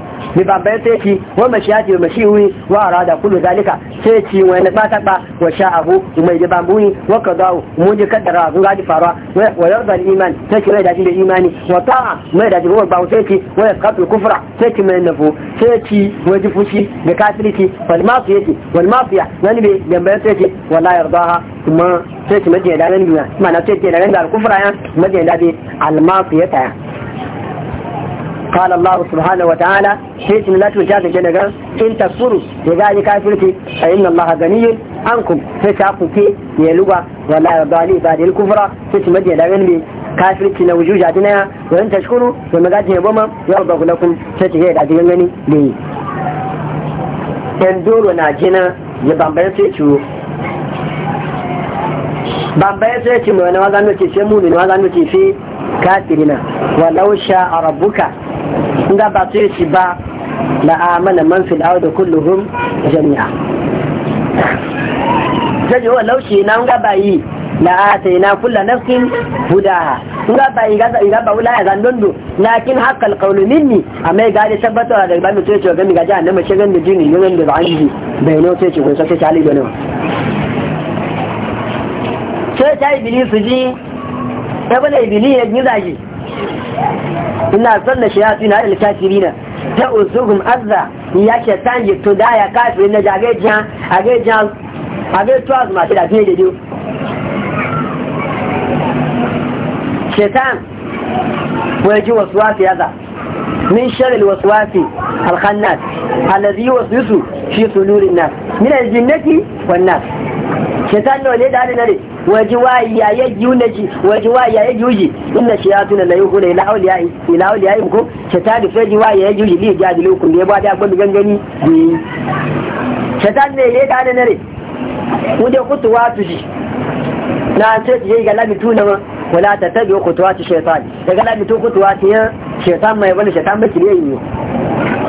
bi babban sai ci shi ma shi mashiwi wa arada kullu zalika sai ci wa na bata ba wa sha abu mai da bambuni wa ka dawo mu ji kaddara kun gaji faruwa wa yarda iman sai ci mai da da imani wa ta'a mai da jibo ba sai ci wa ya kafu kufra sai ci mai nafu sai ci wa ji fushi da kafirci wal mafiyati wal mafiya bai da dambe sai ci yarda ha kuma sai ci mai da nan biya na sai ci da nan da kufra ya mai da al mafiyata ya قال الله سبحانه وتعالى حيث لا تجاد جنغا إن تكفروا يغاني كافرتي فإن الله غني عنكم فتاقوا كي يلغى ولا يبالي بعد الكفرة فتمدي لغنبي kafirci na wujuja ta naya wajen tashkuru da magajin yabo ma ya ba kula kun ta ce da cikin gani da yi yan doro na jina ya bambaya sai ciwo bambaya sai ci mai wani wazanu ce sai mumini wazanu ce sai kafirina walau sha a rabuka. ga ba su yace ba la amana man fil da kulluhum jami'a jaji wa laushi na nga ba yi la ataina kullu nafsin hudaha nga ba yi gaza nga ba wala ga na kin haqqal qawlu minni a mai gari tabbatar da ban to wa gami gaji a nama shigar da jini ne da ba yi bai no to yace ko sai ta ali da ne sai ta iblis ji sai bala iblis ya gina shi ina sanna shayatin al kafirina ta uzuhum azza ya ke tanje to da ya kafirin na jage jan age jan age to azma da fiye da dio shaitan waje waswasi yaza min shar alwaswasi alkhannas alladhi yuwaswisu fi sudurin nas min aljinnati wan nas shaitan nawa ne da hannun nare waji wa ya jiyu na ji waji wa ya jiyu ji inna shayatuna la yuhuna ila awliya'i ila awliya'i ko shaitan da ji wa yaye jiyu ji li jadilu kun da ba da gwabi gangani ji shaitan ne ya da hannun nare kuje kutuwa tuji na ce ji ga labi tuna ma wala ta tabi kutuwa ta shaitan daga labi tu kutuwa ta shaitan mai wani shaitan ba ki ne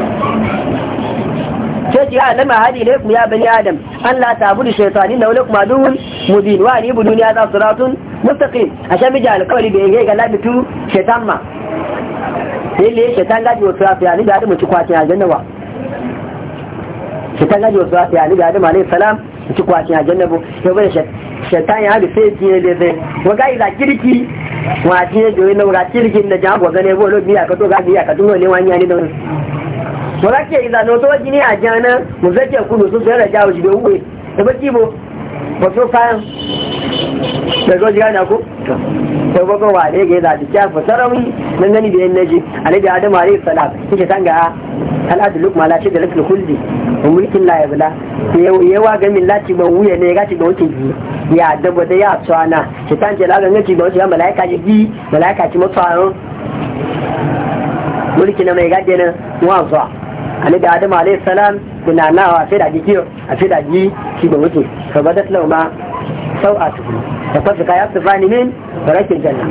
sai a alama hadi ne ya bani adam Allah ta budu shaytani na wala kuma duhun mubin wa ni budu duniya za suratun mustaqim a shan bija alƙawari da yake ga labitu shaytan ma sai le shaytan gaji wasu rafiya ni da adam ci kwakin aljanna wa shaytan gaji wasu rafiya ni da adam alayhi salam ci kwakin aljanna bu yau bai shaytan ya bi sai ji ne zai wa ga ila kirki wa ji ne da wani kirkin da jago gane bo lo biya ka to ga biya ka to ne wani ya ni da wani wọ́n ṣe ìlànà tó jí ní àjẹ́ náà mo fẹ́ jẹ́ kúrò tó fẹ́rẹ̀ já òjìdè òwe ẹgbẹ́ tí mo pọ̀ tó fáyán pẹ̀lú ọjọ́ ìrìnàkó tawagwa wa ne ga da ta fa sarami nan nan da yan naji alaihi adam alayhi salam kike san ga aladu lukma la shida lukul kulli mulkin la yabla yawa ga min lati ba wuya ne ga ci da wuce ji ya dabo da ya tsana ki tan ce la ga ci da wuce malaika ji bi malaika ci mutsaro mulki na mai gade nan wa zuwa ani da adam alayhi salam na nawa sai da gigiyo a sai da gi shi ba wuce fa badat law ma sau'atu da fasu kaya su fani min barakin janna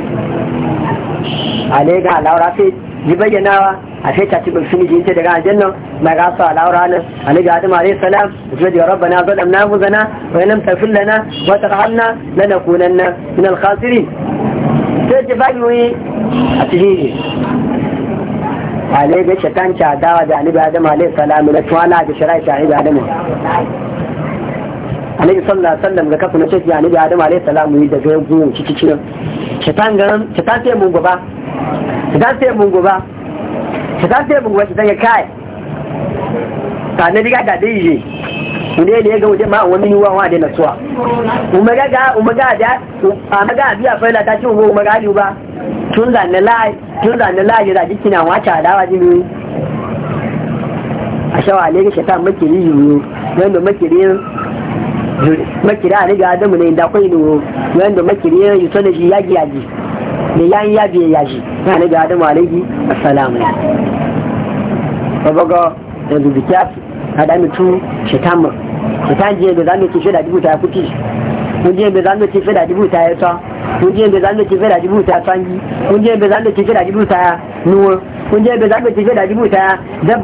alega laura sai yi bayyanawa a sai ta ci bin suni ji ta daga aljanna ma ga su laura nan da adam alayhi salam ya ji rabbana mu zana wa lam tafil lana wa ta tarhamna lanakunanna min al-khasirin sai ji bayoyi a cikin ale ga shaitan ci adawa da anibi adam alayhi salamu na tuwala da shari'a shahid adam annabi sallallahu alaihi wasallam ga kafin shi anibi annabi adam alayhi yi da ga gurin cikin cikin shaitan ga shaitan sai mun gaba shaitan sai mun gaba shaitan sai mun gaba shaitan ya kai ta ne diga da dai ne da ya ga waje ma wani yiwuwa wa da nasuwa umaga ga umaga da umaga biya fa ta ce ugo umaga ni ba tun da na lai tun da na lai da jikina wa ta da jini a shawa ne ga shata makiri yiwu yadda makiri makiri a riga adamu ne da kwai yiwu yadda makiri ya yi sanar shi yaji yaji ne yayi yaji yaji na riga adamu alaihi assalamu alaikum babaga yanzu bikiyasu kada mi tu shetan mu shetan je ga zamu ci shida dubu ta kuti mun je ga zamu ci shida dubu ta ya ta kunje be zanda ki da jibu ta sangi kunje be zanda ki da jibu ta nuwa kunje be zanda ki da jibu ta Kun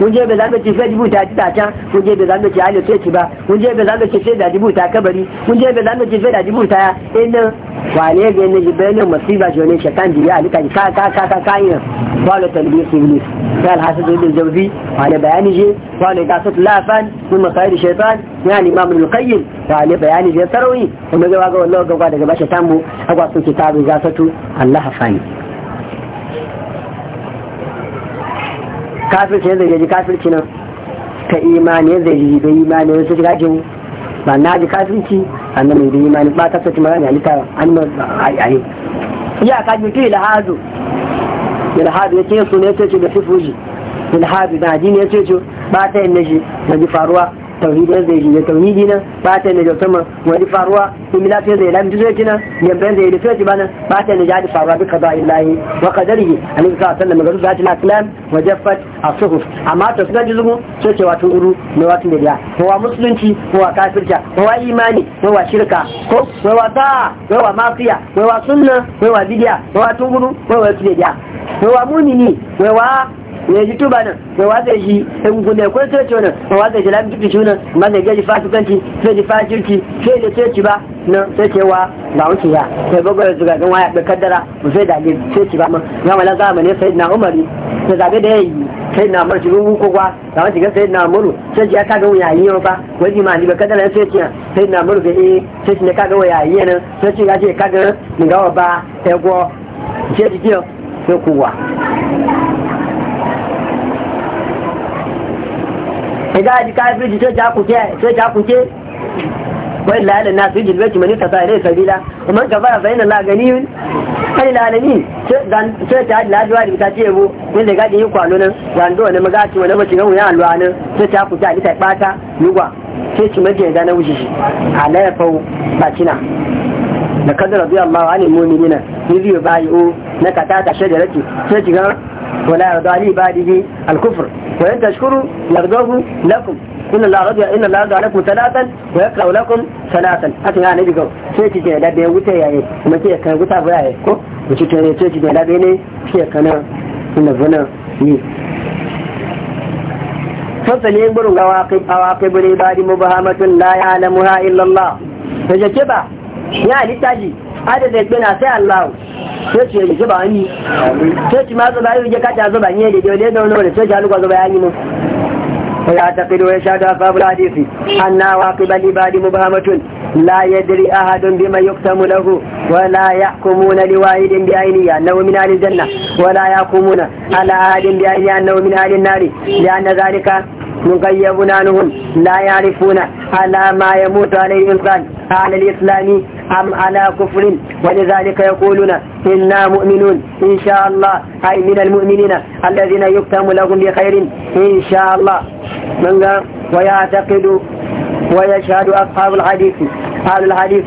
kunje be zanda ki fera jibu ta titacha kunje be zanda ki hali sai ba kunje be zanda ki da jibu ta kabari kunje be zanda ki fera jibu ta ina wale ga ne jibe ne masiba jone shekan diya alika ka ka ka ka kayan wala talbiyar iblis قال حسن بن الجوزي وعلى بيان جي وعلى قصة لافان من مصائر الشيطان ko agwa sun ta tu Allah ha fani kafirci yanzu zai ji kafirci nan ta imani zai ji da imani yanzu shiga jin ba na ji kafirci sannan mai da imani ba ta sauci mara ne halitta an a yi ya ka ji tu ilhadu ilhadu ya ce su ne ce ce da sifuji ilhadu na ji ne ce ce ba ta yin na ji na ji faruwa tauhidi zai yi tauhidi na ba ta ne jautama wani faruwa in ta zai lafi zai kina nan yamban zai lafiya ci bana ba ta ne jadi faruwa duka ba illahi wa qadarihi annabi sallallahu alaihi wasallam zati la kilam wa jaffat asuhu amma to suka jizo sai ce wato uru ne wato ne ya ko wa musulunci ko wa kafirka, ko wa imani ko wa shirka ko ko wa ta ko wa mafiya ko wa sunna ko wa bidiya ko wa tunguru ko wa tudiya ko wa munini ko wa ya ji tuba nan sai waza shi sai kun da kwai sai wannan sai waza shi lamin tuki shunan ma zai gaji fasikanci sai ji fasirki sai da sai ci ba nan sai ce wa ba wuce ya sai bago da zuga gan waya da kaddara mu sai da ne sai ci ba ma ya mala za mu ne sai na umari sai zabe da yayi sai na mar shirin wuko kwa da wuce ga sai na muru sai ji ya ga wuya yi yau fa wani ma ni ba kaddara sai ci sai na muru ga eh sai ci ne ka ga wuya yi nan sai shi ya ce ga ni ga ba ego sai ji tiyo sai kuwa ẹ̀dá àti káfíìsì tó jákùnké wọ́n ìlà alẹ́ náà sí jìlbẹ́kì mọ̀ ní tàbí ilé ìsàbílá ọmọ ìkàfàrà fẹ́yìn náà gani yìí wani lalami tó ta hajji lajuwa da ita ce yabo yin da gaji yi kwano nan wando wani magaci wani mace gan wuyan alwa nan tó ta kuta a lita ɓata yugwa sai ci mace ya na wuce shi a layafau bacina da kadar rabu yamma wa ne mominina yi bayi o na kata ta shaidaraci sai ci gan ولا يرضى لعباده الكفر وإن تشكروا يرضوه لكم إن الله رضي إن الله رضي عليكم ثلاثا ويقرأ لكم ثلاثا حتى يا نبي قو سيتي جاي لابي وتا يعني وما تي كان وتا بيا إيه كو وتي جاي سيتي جاي لابي ني شي كان إن فنا ني فصلي يقولون أواقب عواقب العباد مبهمة لا يعلمها إلا الله كبا يا لتاجي ada da gbe na sai Allah so ce ke ba ni so ce ma zo ba yi je ka ta zo ba ni da gele da wani so halu ko zo ba yi mu ya ta qidu wa shada fa bil hadisi anna wa qibal ibadi mubahamatun la yadri ahadun bima yuktamu lahu wa la yahkumuna li wahidin bi ayni annahu min ahli janna wa la yahkumuna ala ahadin bi ayni annahu min ahli nari li anna zalika مغيب عنهم لا يعرفون على ما يموت عليه الإنسان على الإسلام أم على كفر ولذلك يقولون إنا مؤمنون إن شاء الله أي من المؤمنين الذين يكتم لهم بخير إن شاء الله من ويعتقد ويشهد أصحاب الحديث أهل الحديث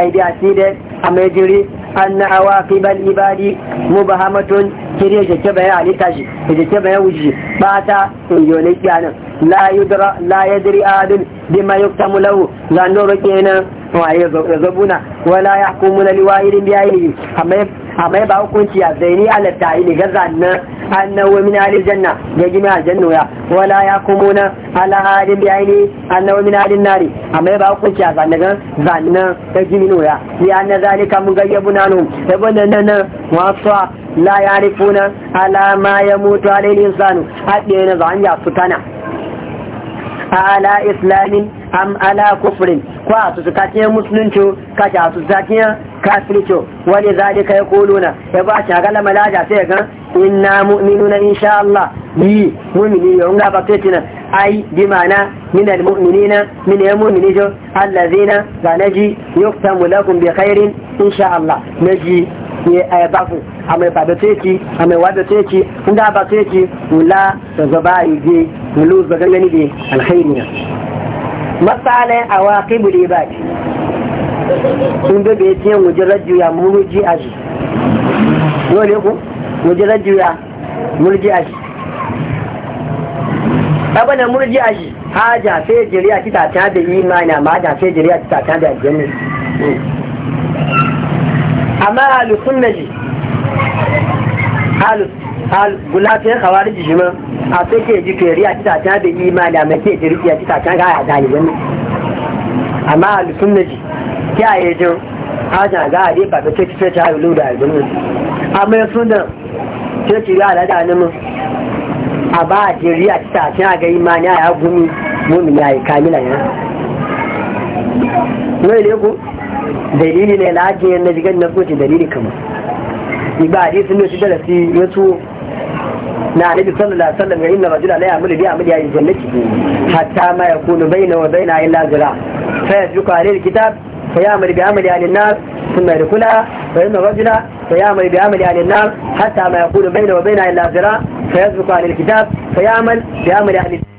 أي بأسيدة أم يجري أن عواقب العباد مبهمة كريجة كبه علي يعني تاجي إذا كبه وجي باتا يوليك يعني la yudra la yadri adun bima yuktamu lahu la nuru kenan zo buna? wala yahkumuna liwahidin bi ayni amma amma ba hukunci ya zaini ala ta'ili ga zanna annahu min ahli janna ga gina aljanna ya wala yahkumuna ala hadin bi ayni annahu min ahli nari amma ba hukunci ya zanna ga zanna ga gina ya ya anna zalika mugayyabuna lahum yabana nana wa la yarifuna ala ma yamutu alayhi insanu hadde na zan ya sutana ala islamin am ala kufrin ko a su kace musulunci kace a su kace kafirci wani zalika ya kuluna ya ba shi ga malaja sai ga inna mu'minuna insha Allah yi mu'mini yo nga ba tetina ai bi mana min al mu'minina min ya mu'mini jo allazina zanaji yuktamu lakum bi khairin insha Allah naji ke ai eh, ba ku amai ba da teki amai wa da teki inda ba teki wula da zaba ide wulu zagan gani de alkhairiya masalan awaqibul ibad sun da bai tiyan mujarrad ya muruji aji dole ku mujarrad muru ji aji abana murji aji haja sai jiriya kita ta yi da imani amma da sai jiriya kita ta da aljanna amma ahlus sunna ji ahlus gulata ya kawar ji ma a sai ke ji feri a cita ta da imani a mai ke ji a cita ta ga a daliban amma ahlus sunna ji kiyaye jin hajjan ga a dai ba ta ce ce ta halu da albunin amma sunan ce ce ya alada ne mu a ba a jiri a cita ta ga imani a ya gumi mummi ya yi kamila ya. Wai ne ku? dalili ne na ajiye na jigar na soci dalili kama iba a jisun da shi darasi ya so na nabi sallallahu alaihi wasallam ya inna rajula la ya'malu bi amali ahli jannati hatta ma yakunu bayna wa bayna illa zira fa yasbiqu alayhi alkitab fa ya'malu bi amali ahli an-nar ثم يدخلها فإن الرجل فيعمل بعمل أهل النار حتى ما يكون بينه وبينها إلا ذراع فيسبق أهل الكتاب فيعمل بعمل أهل الكتاب